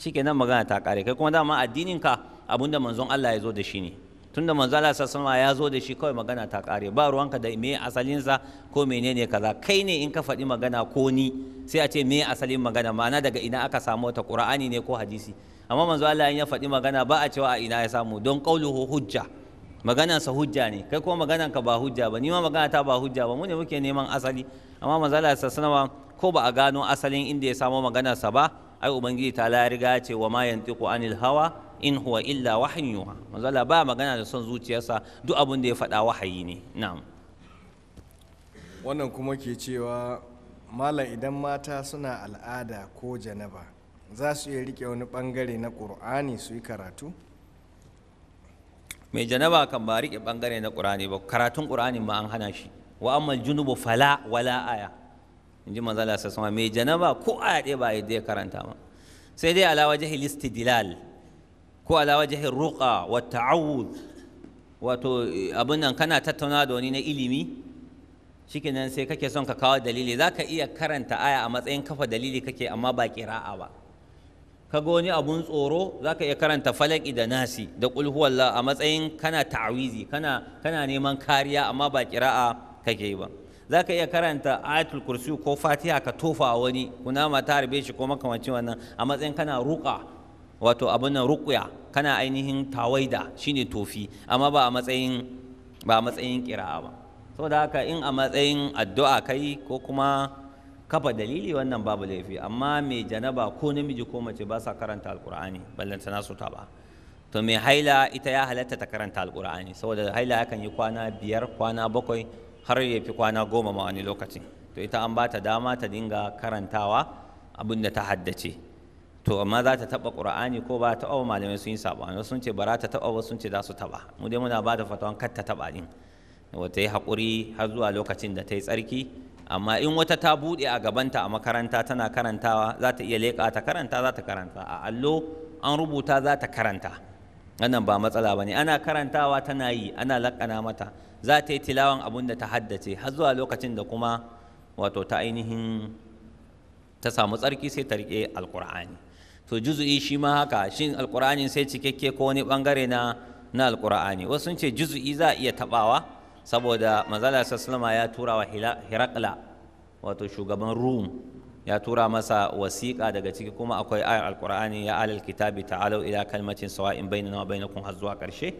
shikenan magana ta kare kai kuma dama addinin ka abinda manzon Allah ya zo da shi ne tunda manzon Allah sallallahu alaihi ya zo da shi kawai magana ta kare ba ruwanka da me asalin sa ko menene kaza kai ne in ka faɗi magana ko ni sai a ce me asalin magana ma'ana daga ina aka samu ta Qur'ani ne ko hadisi amma manzo Allah ya faɗi magana ba a cewa a ina ya samu don qauluhu hujja maganansa hujja ne kai kuma maganarka ba hujja ba nima ma magana ta ba hujja ba mu ne muke neman asali amma manzala sassanawa ko ba a gano asalin inda ya samo maganarsa ba ai ubangiji ta ya riga ce wa ma yantiqu anil hawa in huwa illa wahyin yuha ba magana da son zuciyarsa duk abin da ya faɗa wahayi ne na'am wannan kuma ke cewa malam idan mata suna al'ada ko janaba za su iya rike wani bangare na ƙur'ani su yi karatu mai janaba kan ba riƙe ɓangare na ƙur'ani ba karatun ƙur'ani ma an hana shi wa ammal junubu fala wala aya in ji manzo Allah mai janaba ko aya ɗaya ba yadda ya karanta ma sai dai ala wajhi istidlal ko ala wajhi ruqa wa ta'awud wato abin nan kana tattauna da wani na ilimi shikenan sai kake son ka kawo dalili zaka iya karanta aya a matsayin kafa dalili kake amma ba ƙira'a ba kaga wani abun tsoro zaka iya karanta falaki da nasi da kulhuwallah a matsayin kana ta'awizi kana neman kariya amma ba kira'a kake yi ba zaka iya karanta ayatul kursi ko fatiha ka tofa a wani kunama ta harbe shi ko makamancin wannan a matsayin kana ruqa wato abun nan ruqya kana ainihin tawaida shine tofi amma ba a matsayin ba a matsayin kira'a ba saboda haka in a matsayin addu'a kai ko kuma kafa dalili wannan babu laifi amma mai janaba ko namiji ko mace ba sa karanta alkur'ani ballantana su ta ba to mai haila ita ya halatta ta karanta alkur'ani saboda haila yakan yi kwana biyar kwana bakwai har ya fi kwana goma ma wani lokaci to ita an ba ta dama ta dinga karantawa abin da ta haddace to amma za ta taɓa ƙur'ani ko ba ta taɓa malamai sun yi saɓani sun ce ba ta taɓa sun ce za su taɓa mu dai muna ba da fatawan kar ta taɓa ɗin wata yi haƙuri har zuwa lokacin da ta yi tsarki amma in wata ta buɗe a gabanta a makaranta tana karantawa za ta iya leƙa ta karanta za ta karanta a allo an rubuta za ta karanta wannan ba matsala ba ne ana karantawa tana yi ana laƙana mata za ta yi tilawan abun da ta haddace har zuwa lokacin da kuma wato ta ainihin ta samu tsarki sai ta riƙe alƙur'ani to juzu'i shi ma haka shin alƙur'ani sai cikakke ko wani ɓangare na na alƙur'ani wasu sun ce juzu'i za a iya taɓawa saboda manzala sallama ya tura wa hirakla wato shugaban rum ya tura masa wasiƙa daga ciki kuma akwai ayar alkur'ani ya alal kitabi ta'alau ila kalmacin sawa'in bainana wa bainakum har zuwa ƙarshe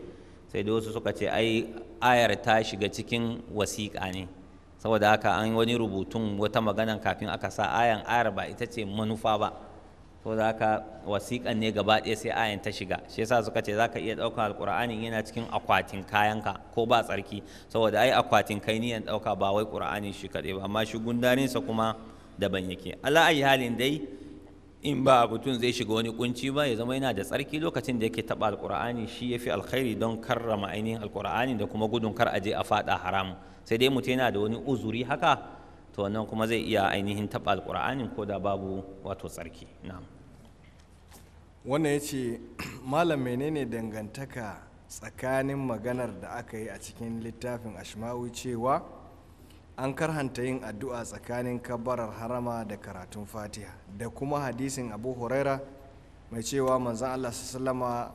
sai dai wasu suka ce ai ayar ta shiga cikin wasiƙa ne saboda haka an wani rubutun wata maganan kafin aka sa ayan ayar ba ita ce manufa ba to za ka wasiƙan ne gaba ɗaya sai ayan ta shiga shi yasa suka ce za ka iya ɗaukar alƙur'anin yana cikin akwatin kayanka ko ba tsarki saboda ai akwatin kai niyan ɗauka ba wai ƙur'ani shi kaɗai ba amma shi gundarinsa kuma daban yake ala ayi halin dai in ba mutum zai shiga wani kunci ba ya zama yana da tsarki lokacin da yake taɓa alƙur'ani shi ya fi alkhairi don karrama ainihin alƙur'ani da kuma gudun kar a je a faɗa haram sai dai mutum yana da wani uzuri haka to wannan kuma zai iya ainihin taɓa alƙur'anin ko da babu wato tsarki na'am wannan ya ce malam menene dangantaka tsakanin maganar da aka yi a cikin littafin ashma'u cewa an karhanta yin addu'a tsakanin kabarar harama da karatun fatiha da kuma hadisin abu huraira mai cewa manzan allah sallama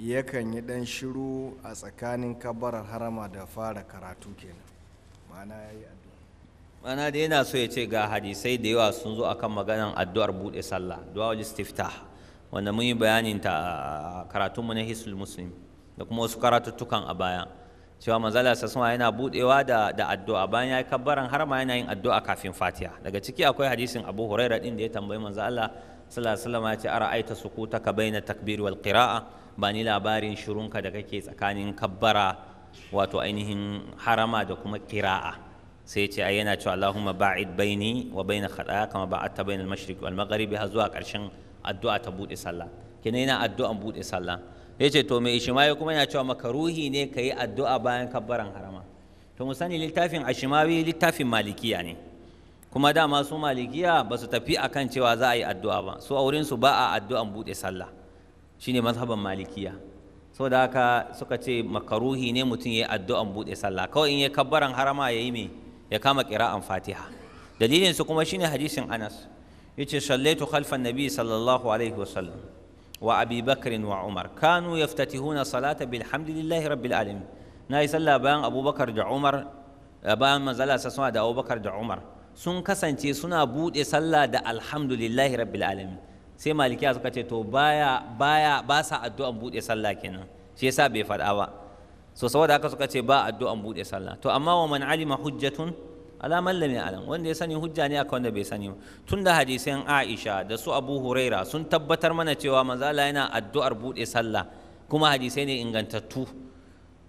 yakan yi dan shiru a tsakanin kabarar harama da fara karatu kenan ma'ana ya yi mana da yana so ya ce ga hadisai da yawa sun zo akan maganan addu'ar buɗe sallah du'a stifta wanda mun yi bayanin ta karatun karatunmu na hisul muslim da kuma wasu karatuttukan a baya cewa manzala yana buɗewa da da addu'a bayan ya yi kabbaran har ma yana yin addu'a kafin fatiha daga ciki akwai hadisin abu huraira din da ya tambayi manzo Allah sallallahu alaihi wasallam ya ce ara'aita sukutaka baina takbir wal qira'a ba ni labarin shirunka da kake tsakanin kabbara wato ainihin harama da kuma qira'a sai ce ai yana cewa Allahumma ba'id baini wa baina khata'a kama ba'adta bainal mashriq wal maghribi har zuwa ƙarshen addu'a ta bude sallah kenan yana addu'an bude sallah yace to mai ishimawi kuma yana cewa makaruhi ne yi addu'a bayan kabbaran harama to mu sani littafin ashimawi littafin malikiya ne kuma dama su malikiya ba su tafi akan cewa za a yi addu'a ba su a wurin su ba a addu'an bude sallah shine mazhaban malikiya so da haka suka ce makaruhi ne mutum ya yi addu'an bude sallah kawai in ya kabbaran harama ya yi mai ya kama ƙira'an fatiha Dalilinsu kuma shine hadisin anas yace sallaitu khalfan nabi sallallahu alaihi wasallam wa abi bakr wa umar kanu yaftatihuna salata bilhamdulillahi rabbil alamin na yi sallah bayan abubakar da umar eh, bayan manzala sa da abubakar da umar sun kasance suna buɗe sallah da alhamdulillahi rabbil alamin sai malikiya suka ce to baya baya ba sa addu'an buɗe sallah kenan shi yasa bai faɗa ba so saboda haka suka ce ba addu'an buɗe sallah to amma wa man alima hujjatun ala man lam ya'lam wanda ya sani hujja ne aka wanda bai sani ba tunda hadisin Aisha da su Abu Huraira sun tabbatar mana cewa manzo Allah yana addu'ar buɗe sallah kuma hadisai ne ingantattu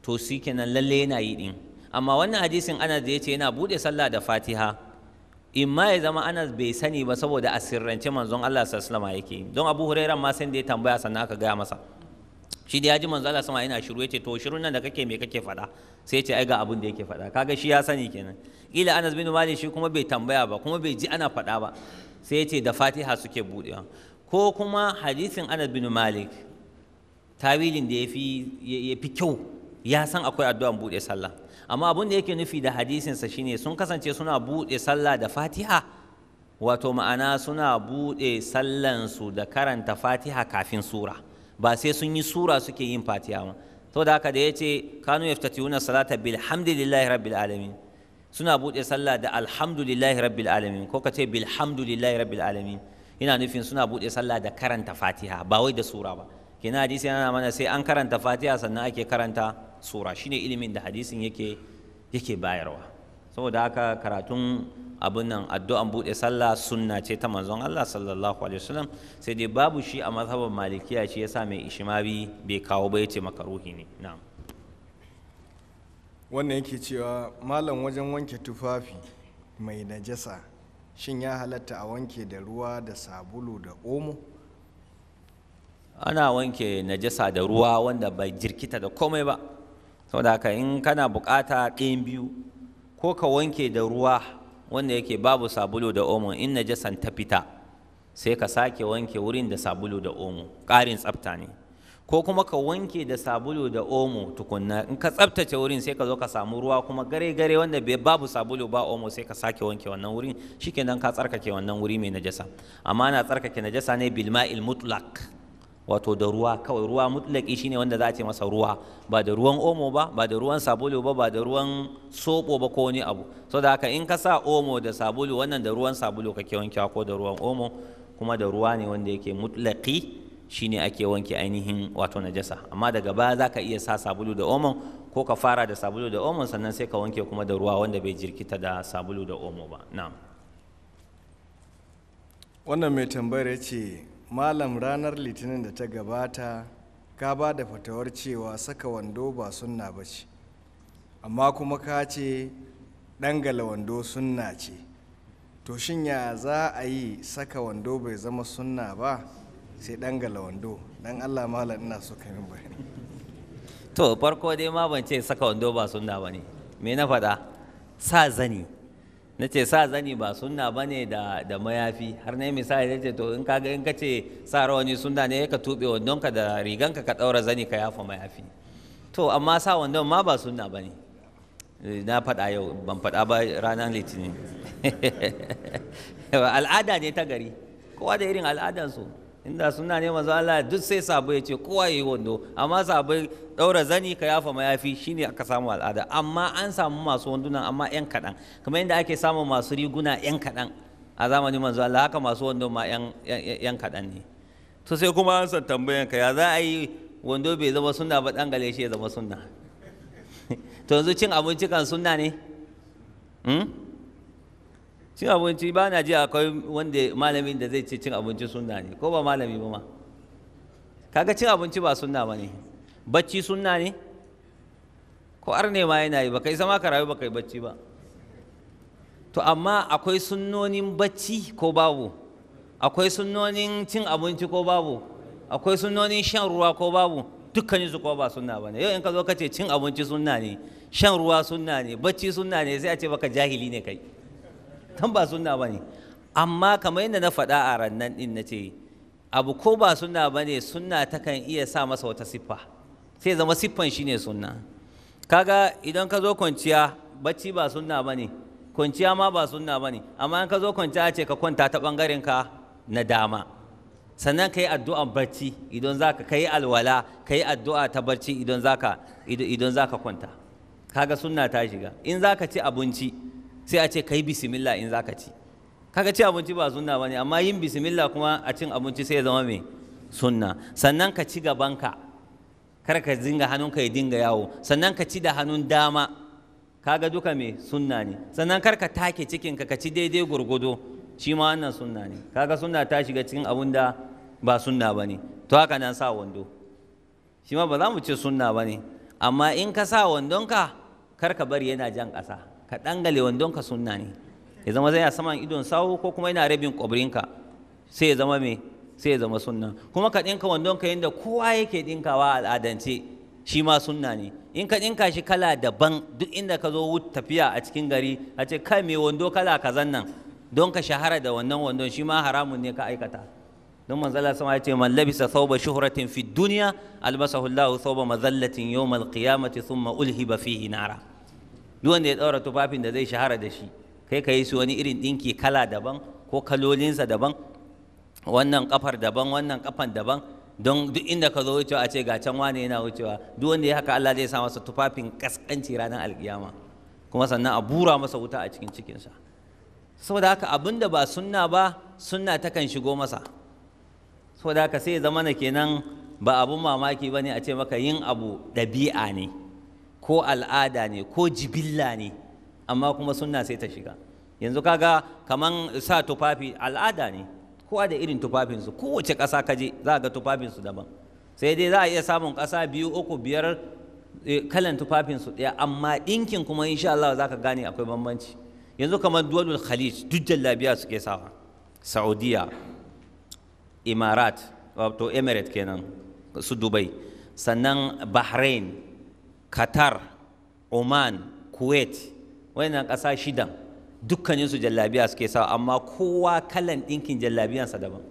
to shikenan lalle yana yi din amma wannan hadisin Anas da yace yana buɗe sallah da Fatiha in ma ya zama Anas bai sani ba saboda asirrance manzon Allah sallallahu alaihi wasallam yake don Abu Huraira ma sai da ya tambaya sannan aka gaya masa shi da ya ji manzo Allah sama yana shiru yace to shirun nan da kake me kake fada sai yace ai ga abin da yake faɗa kaga shi ya sani kenan ila Anas bin Malik shi kuma bai tambaya ba kuma bai ji ana faɗa ba sai yace da Fatiha suke budewa ko kuma hadisin Anas bin Malik tawilin da yafi yafi kyau ya san akwai addu'an bude sallah amma abin da yake nufi da hadisinsa shine sun kasance suna bude sallah da Fatiha wato ma'ana suna buɗe su da karanta fatiha kafin sura ba sai sun yi sura suke yin fatiha to da haka da ya ce kanu yaftatihuna salata bilhamdillahi rabbil alamin suna buɗe sallah da alhamdulillahi rabbil alamin ko ka kace bilhamdulillahi rabbil alamin ina nufin suna buɗe sallah da karanta fatiha ba wai da sura ba kina hadisi yana mana sai an karanta fatiha sannan ake karanta sura shine ilimin da hadisin yake yake bayarwa saboda haka karatun abin nan addu'an buɗe sallah sunna ce ta manzon Allah sallallahu alaihi wasallam sai dai babu shi a mazhabar malikiya shi yasa mai ishimari bai kawo ba yace makaruhi ne na'am wannan yake cewa malam wajen wanke tufafi mai najasa shin ya halatta a wanke da ruwa da sabulu da omo ana wanke najasa da ruwa wanda bai jirkita da komai ba saboda haka in kana bukata ɗayan biyu ko ka wanke da ruwa wanda yake babu sabulu da omo in najasan ta fita sai ka sake wanke wurin da sabulu da omo ƙarin tsafta ne ko kuma ka wanke da sabulu da omo tukunna in ka tsaftace wurin sai ka zo ka samu ruwa kuma gare gare wanda babu sabulu ba omo sai ka sake wanke wannan wurin shikenan ka tsarkake wannan wuri mai najasa amma na tsarkake najasa ne bilma'il mutlak wato da ruwa kawai ruwa mutlaki shine wanda za a ce masa ruwa ba da ruwan omo ba ba da ruwan sabulu ba ba da ruwan soɓo ba ko wani abu so da haka in ka sa omo da sabulu wannan da ruwan sabulu kake wankewa ko da ruwan omo kuma da ruwa ne wanda yake mutlaki shine ake wanke ainihin wato najasa amma daga baya za ka iya sa sabulu da omo ko ka fara da sabulu da omo sannan sai ka wanke kuma da ruwa wanda bai jirkita da sabulu da omo ba na'am wannan mai tambayar ya ce malam ranar litinin da ta gabata ka ba da fatawar cewa saka wando ba sunna ba ce amma kuma ka ce dangala wando sunna ce to shin ya za a yi saka wando bai zama sunna ba sai dangala wando dan allah malam ina so ka yin bayani to farko dai ma ban ce saka wando ba sunna ba ne me na faɗa sa zani na ce sa zani ba sunna ba ne da mayafi har na misali na ce to in kaga in ka ce sa rawani sunna ne ka tuɓe wandonka da riganka ka ɗaura zani ka yafa mayafi to amma sa wandon ma ba sunna ba ne eh, na faɗa yau ban faɗa ba ranar litinin al'ada ne ta gari kowa da irin al'adansu inda suna ne Allah duk sai sabo ya ce kowa ya yi wando amma sabo ɗaura zani ka yafa mayafi shine aka samu al'ada amma an samu masu wanduna amma yan kaɗan. kamar yadda ake samu masu riguna yan kaɗan a zamanin manzo Allah haka masu wando ma yan kaɗan ne to sai kuma an san tambayan ka ya za a yi wando bai zama sunna ba dan gale shi ya zama sunna to yanzu cin abinci kan sunna ne hmm? cin abinci ba na ji akwai wanda malamin da zai ce cin abinci sunna ne ko ba malami ba ma kaga cin abinci ba sunna ba ne bacci sunna ne ko arne ma yana yi baka isa ma ka rayu baka yi bacci ba to amma akwai sunnonin bacci ko babu akwai sunnonin cin abinci ko babu akwai sunnonin shan ruwa ko babu dukkanin su ko ba sunna ba ne yau in ka zo ka ce cin abinci sunna ne shan ruwa sunna ne bacci sunna ne sai a ce baka jahili ne kai tan ba ba ne amma kamar yadda na faɗa a rannan din nace abu ko ba suna ne suna ta kan iya sa masa wata siffa sai zama siffan shi ne sunna kaga idan ka zo kwanciya bacci ba ba ne kwanciya ma ba sunna ne amma in ka zo kwanciya ce ka kwanta ta bangaren ka na dama sannan ka yi addu'an barci idan za ka yi alwala ka yi addu'a ta barci idan za ka kwanta kaga sunna ta shiga in za ka ci abinci sai a ce ka yi bisimilla in za ka ci kaga ci abinci ba sunna ba ne amma yin bisimilla kuma a cin abinci sai ya zama mai sunna sannan ka ci gabanka kar ka dinga hannunka ya dinga yawo sannan ka ci da hannun dama kaga duka mai sunna ne sannan kar ka take cikinka ka ci daidai gurgudo shi ma wannan sunna ne kaga sunna ta shiga cikin abun da ba sunna ba ne to haka nan sa wando shi ma ba za mu ce sunna ba ne amma in ka sa wandonka kar ka bari yana jan ƙasa ka dangale wandonka sunna ne ya zama zai a saman idon sawu ko kuma yana rabin kwabrinka sai ya zama me sai ya zama sunna kuma ka ɗinka wandonka yadda kowa yake ɗinkawa al'adance shi ma sunna ne in ka ɗinka shi kala daban duk inda ka zo tafiya a cikin gari a ce kai me wando kala kazan nan don ka shahara da wannan wandon shi ma haramun ne ka aikata don manzala sama ya ce man labisa thawba shuhratin fi dunya albasahu Allahu thawba mazallatin yawmal qiyamati thumma ulhiba fihi nara duk wanda ya ɗaura tufafin da zai shahara da shi kai ka yi su wani irin ɗinki kala daban ko kalolinsa daban wannan kafar daban wannan kafan daban don duk inda ka zo wucewa a ce ga can wane yana wucewa duk wanda ya haka Allah zai sa masa tufafin kaskanci ranar alkiyama kuma sannan a bura masa wuta a cikin cikinsa saboda haka abin da ba sunna ba sunna takan shigo masa saboda haka sai ya zama na kenan ba abun mamaki ba ne a ce maka yin abu ɗabi'a ne ko al'ada ne ko jibilla ne amma kuma sunna sai ta shiga yanzu kaga kaman sa tufafi al'ada ne kowa da irin tufafinsu kowace ƙasa ka je za ga tufafinsu daban sai dai za a iya samun ƙasa biyu uku biyar eh, kalan tufafinsu ɗaya amma ɗinkin kuma insha Allah za ka gane akwai bambanci yanzu kamar duwalul khalij duk labiya suke sawa saudiya imarat wato emirate kenan su dubai sannan bahrain qatar oman kuwait wayannan ƙasa shidan dukkaninsu jallabiya suke sawa amma kowa kalan ɗinkin jallabiyansa daban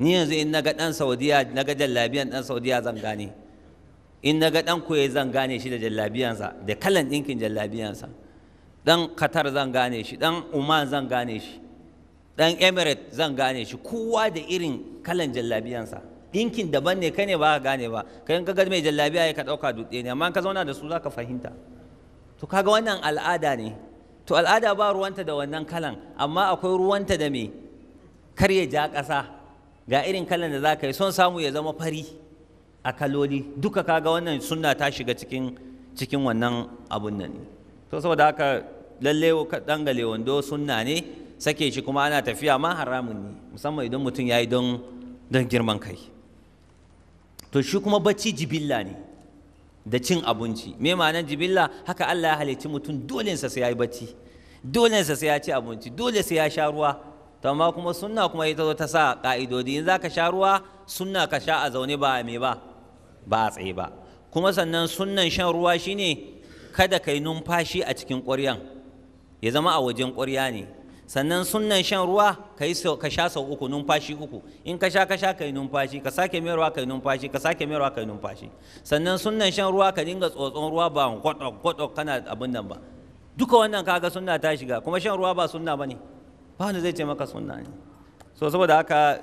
ni yanzu in naga ɗan saudiya naga jallabiyan ɗan saudiya zan gane in naga ɗan kuwait zan gane shi da jallabiyansa da kalan ɗinkin jallabiyansa ɗan qatar zan gane shi ɗan oman zan gane shi ɗan emirate zan gane shi kowa da irin kalan jallabiyansa Dinkin daban ne kai ne ba gane ba kai in ka ga mai jallabiya ya ka ɗauka dutse ne amma ka zauna da su za ka fahimta to kaga wannan al'ada ne to al'ada ba ruwanta da wannan kalan amma akwai ruwanta da mai kar ya ja ƙasa ga irin kalan da za ka yi son samu ya zama fari a kaloli duka kaga wannan sunna ta shiga cikin cikin wannan abun nan to saboda haka lalle dangale wando sunna ne sake shi kuma ana tafiya ma haramun ne musamman idan mutum ya yi don girman kai to shi kuma bacci jibilla ne da cin abinci me ma'anar jibilla haka Allah ya halicci mutum dolensa sai ya yi bacci dolensa sai ya ci abinci dole sai ya sha ruwa to amma kuma sunna kuma ita zo ta sa ka'idodi in za ka sha ruwa sunna ka sha a zaune ba mai me ba ba a tsaye ba kuma sannan sunnan shan ruwa shine kada ka yi numfashi a cikin ƙwaryan ya zama a wajen ƙwarya ne sannan sunnan shan ruwa ka sha sau uku numfashi uku in ka sha ka sha ka yi numfashi ka sake ruwa ka yi numfashi ka sake ruwa ka yi numfashi sannan sunnan shan ruwa ka dinga tsotson ruwa ba kwatok kwatok kana abin nan ba duka wannan kaga sunna ta shiga kuma shan ruwa ba sunna bane ba wanda zai ce maka sunna ne so saboda haka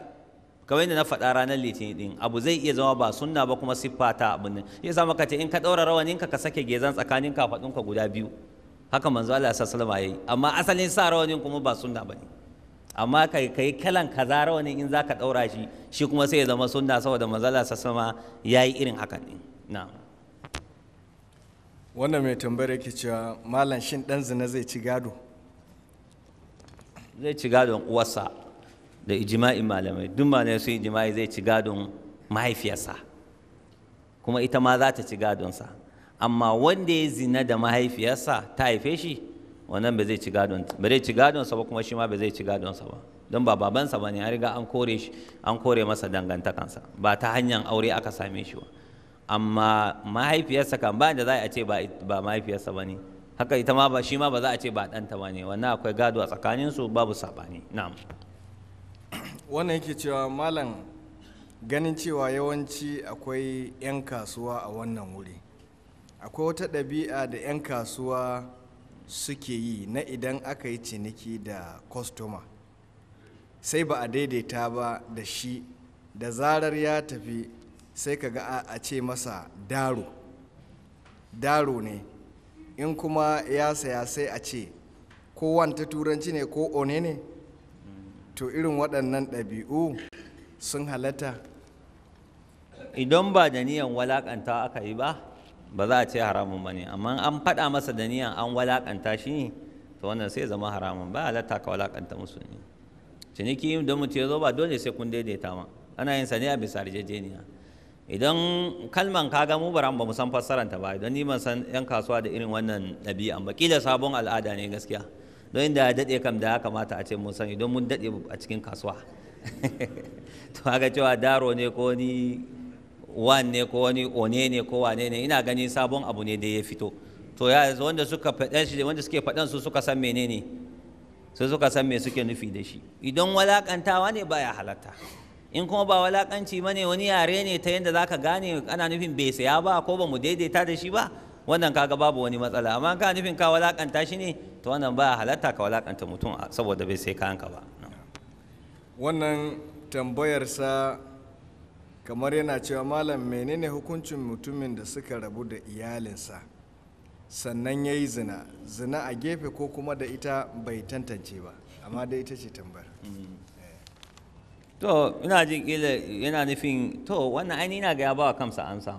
kamar yadda na faɗa ranar litinin din abu zai iya zama ba sunna ba kuma siffa ta abin nan yasa maka ce in ka ɗaura rawaninka ka sake gezan tsakanin kafaɗunka guda biyu haka manzo Allah sallallahu alaihi wasallam yayi amma asalin sa rawanin kuma ba sunna bane amma kai kai kalan kaza rawanin in zaka daura shi shi kuma sai ya zama sunna saboda manzo Allah sallallahu alaihi wasallam yayi irin hakan din na'am wannan mai tambayar yake cewa malam shin dan zina zai ci gado zai ci gadon uwarsa da ijima'in malamai duk malamai sun ijma'i zai ci gadon mahaifiyarsa kuma ita ma za ta ci gadonsa amma wanda ya zina da mahaifiyarsa ta haife shi wannan ba zai ci gadon ba zai ci gadon sa ba kuma shi ma ba zai ci gadon sa ba don ba babansa ba ne an riga an kore shi an kore masa dangantakansa ba ta hanyar aure aka same shi ba amma mahaifiyarsa kan ba da za a ce ba mahaifiyarsa ba ne haka ita ma ba shi ma ba za a ce ba ɗanta ba ne wannan akwai gado a tsakaninsu babu saɓani na'am wannan yake cewa malam ganin cewa yawanci akwai 'yan kasuwa a wannan wuri akwai wata ɗabi'a da 'yan kasuwa suke yi na idan aka yi ciniki da kwastoma sai ba a daidaita ba da shi da zarar ya tafi sai ka ga a ce masa daro daro ne in kuma ya saya sai a ce ko wanta turanci ne ko one ne to irin waɗannan ɗabi'u sun halatta idan ba da niyan walakanta aka yi ba ba za a ce haramun ba ne amma an faɗa masa da niyan an walaƙanta shi ne. to wannan sai zama haramun ba halatta ka walaƙanta ne ciniki don mutum ya zo ba dole sai kun daidaita ma ana yin sa ne a bisa yarjejeniya idan kalman kaga mu baran ba mu san fassaranta ba idan ni ban san yan kasuwa da irin wannan ɗabi'an ba kila sabon al'ada ne gaskiya don inda ya daɗe kam da ya kamata a ce mun sani don mun daɗe a cikin kasuwa to haka cewa daro ne ko ni Wanne ne ko wani one ne ko wane ne ina gani sabon abu ne da ya fito to ya wanda suka faɗan shi wanda suke faɗan su suka san menene su suka san me suke nufi da shi idan walakantawa ne baya halatta in kuma ba walakanci ba ne wani yare ne ta yadda za ka gane ana nufin bai saya ba ko ba mu daidaita da shi ba wannan kaga babu wani matsala amma ka nufin ka walakanta shi ne to wannan ba halatta ka walakanta mutum saboda bai sai kayanka ba wannan tambayarsa kamar yana cewa malam menene hukuncin mutumin da suka rabu da iyalinsa sannan ya yi zina zina a gefe ko kuma da ita bai tantance ba amma da ita ce tambar mm. to ina jin kila yana nufin to wannan aini ina ga ya ba kamsa amsa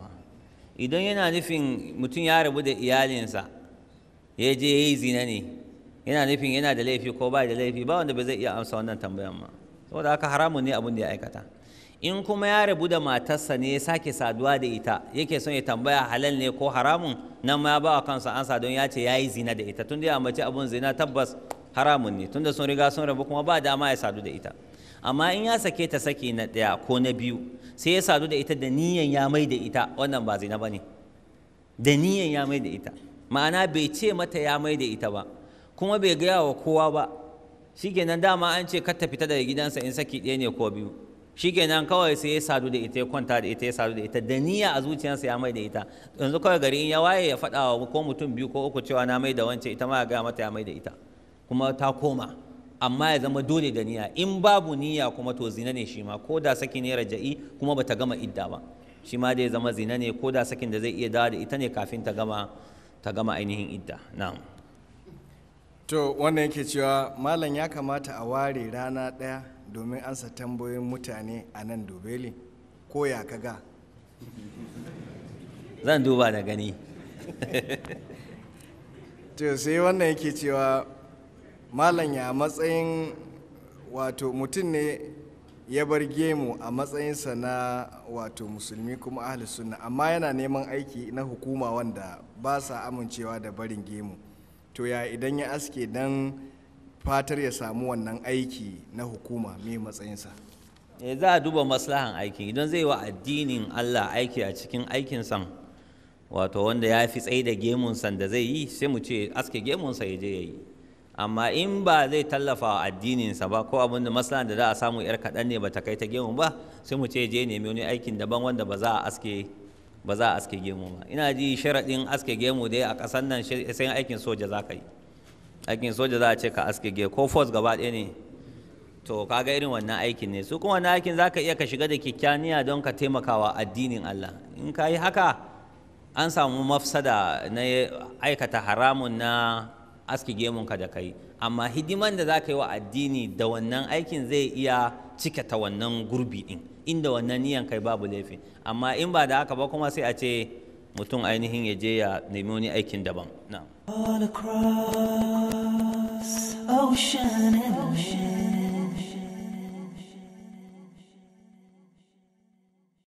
idan yana nufin mutum ya rabu da iyalinsa ya je ya yi zina ne yana nufin yana da laifi ko ba da laifi ba wanda ba zai iya amsa wannan tambayan ma saboda haka haramun ne abin da ya aikata in kuma ya rabu da matarsa ne ya sake saduwa da ita yake son ya tambaya halal ne ko haramun nan ma ba wa kansa ansa don ya ce ya yi zina da ita tunda ya mace abun zina tabbas haramun ne tunda sun riga sun rabu kuma ba dama ya sadu da ita amma in ya sake ta saki na ɗaya ko na biyu sai ya sadu da ita da niyan ya mai da ita wannan ba zina ba ne da niyan ya mai da ita ma'ana bai ce mata ya mai da ita ba kuma bai gaya wa kowa ba shi kenan dama an ce kar ta fita daga gidansa in saki ɗaya ne ko biyu shikenan kawai sai ya sadu da ita ya kwanta da ita ya sadu da ita da niyya a zuciyarsa ya mai da ita yanzu kawai gari in ya waye ya faɗa wa ko mutum biyu ko uku cewa na mai da wance ita ma ya gaya mata ya mai da ita kuma ta koma amma ya zama dole da niyya in babu niyya kuma to zina ne shi ko da saki ne raja'i kuma bata gama idda ba shi ma dai zama zina ne ko da sakin da zai iya dawo da ita ne kafin ta gama ta gama ainihin idda na'am to wannan yake cewa malam ya kamata a ware rana daya. domin ansa tambayoyin mutane a nan dubeli ko ya kaga zan duba da gani to sai wannan yake cewa malam ya matsayin wato mutum ne ya bar gemu a matsayinsa na wato musulmi kuma ahli sunna amma yana neman aiki na hukuma wanda ba sa amincewa da barin gemu to ya idan ya aske dan fatar ya samu wannan aiki na hukuma mai matsayinsa eh, za a duba maslahan aiki idan zai wa addinin Allah aiki a cikin aikin san wato wanda ya fi tsaye da gemun san da zai yi sai mu ce aske gemun sa je yayi amma in ba zai tallafa wa addinin sa ba ko abin da maslahan da za a samu yar kaɗan ne ba ta kai ta gemun ba sai mu ce je nemi wani aikin daban wanda ba za a aske ba za a aske gemu ba ina ji sharaɗin aske gemu dai a ƙasar nan sai aikin soja za ka yi aikin soja za a ce ka aske gefe ko force gaba ɗaya ne to kaga irin wannan aikin ne su kuma wannan aikin za ka iya ka shiga da kyakkyaniya don ka taimakawa addinin Allah in ka yi haka an samu mafsada na aikata haramun na aski gemun ka da kai amma hidiman da za ka yi wa addini da wannan aikin zai iya cike ta wannan gurbi din inda wannan niyan kai babu laifi amma in ba da haka ba kuma sai a ce mutum ainihin ya je ya nemi wani aikin daban na'am all across ocean and ocean.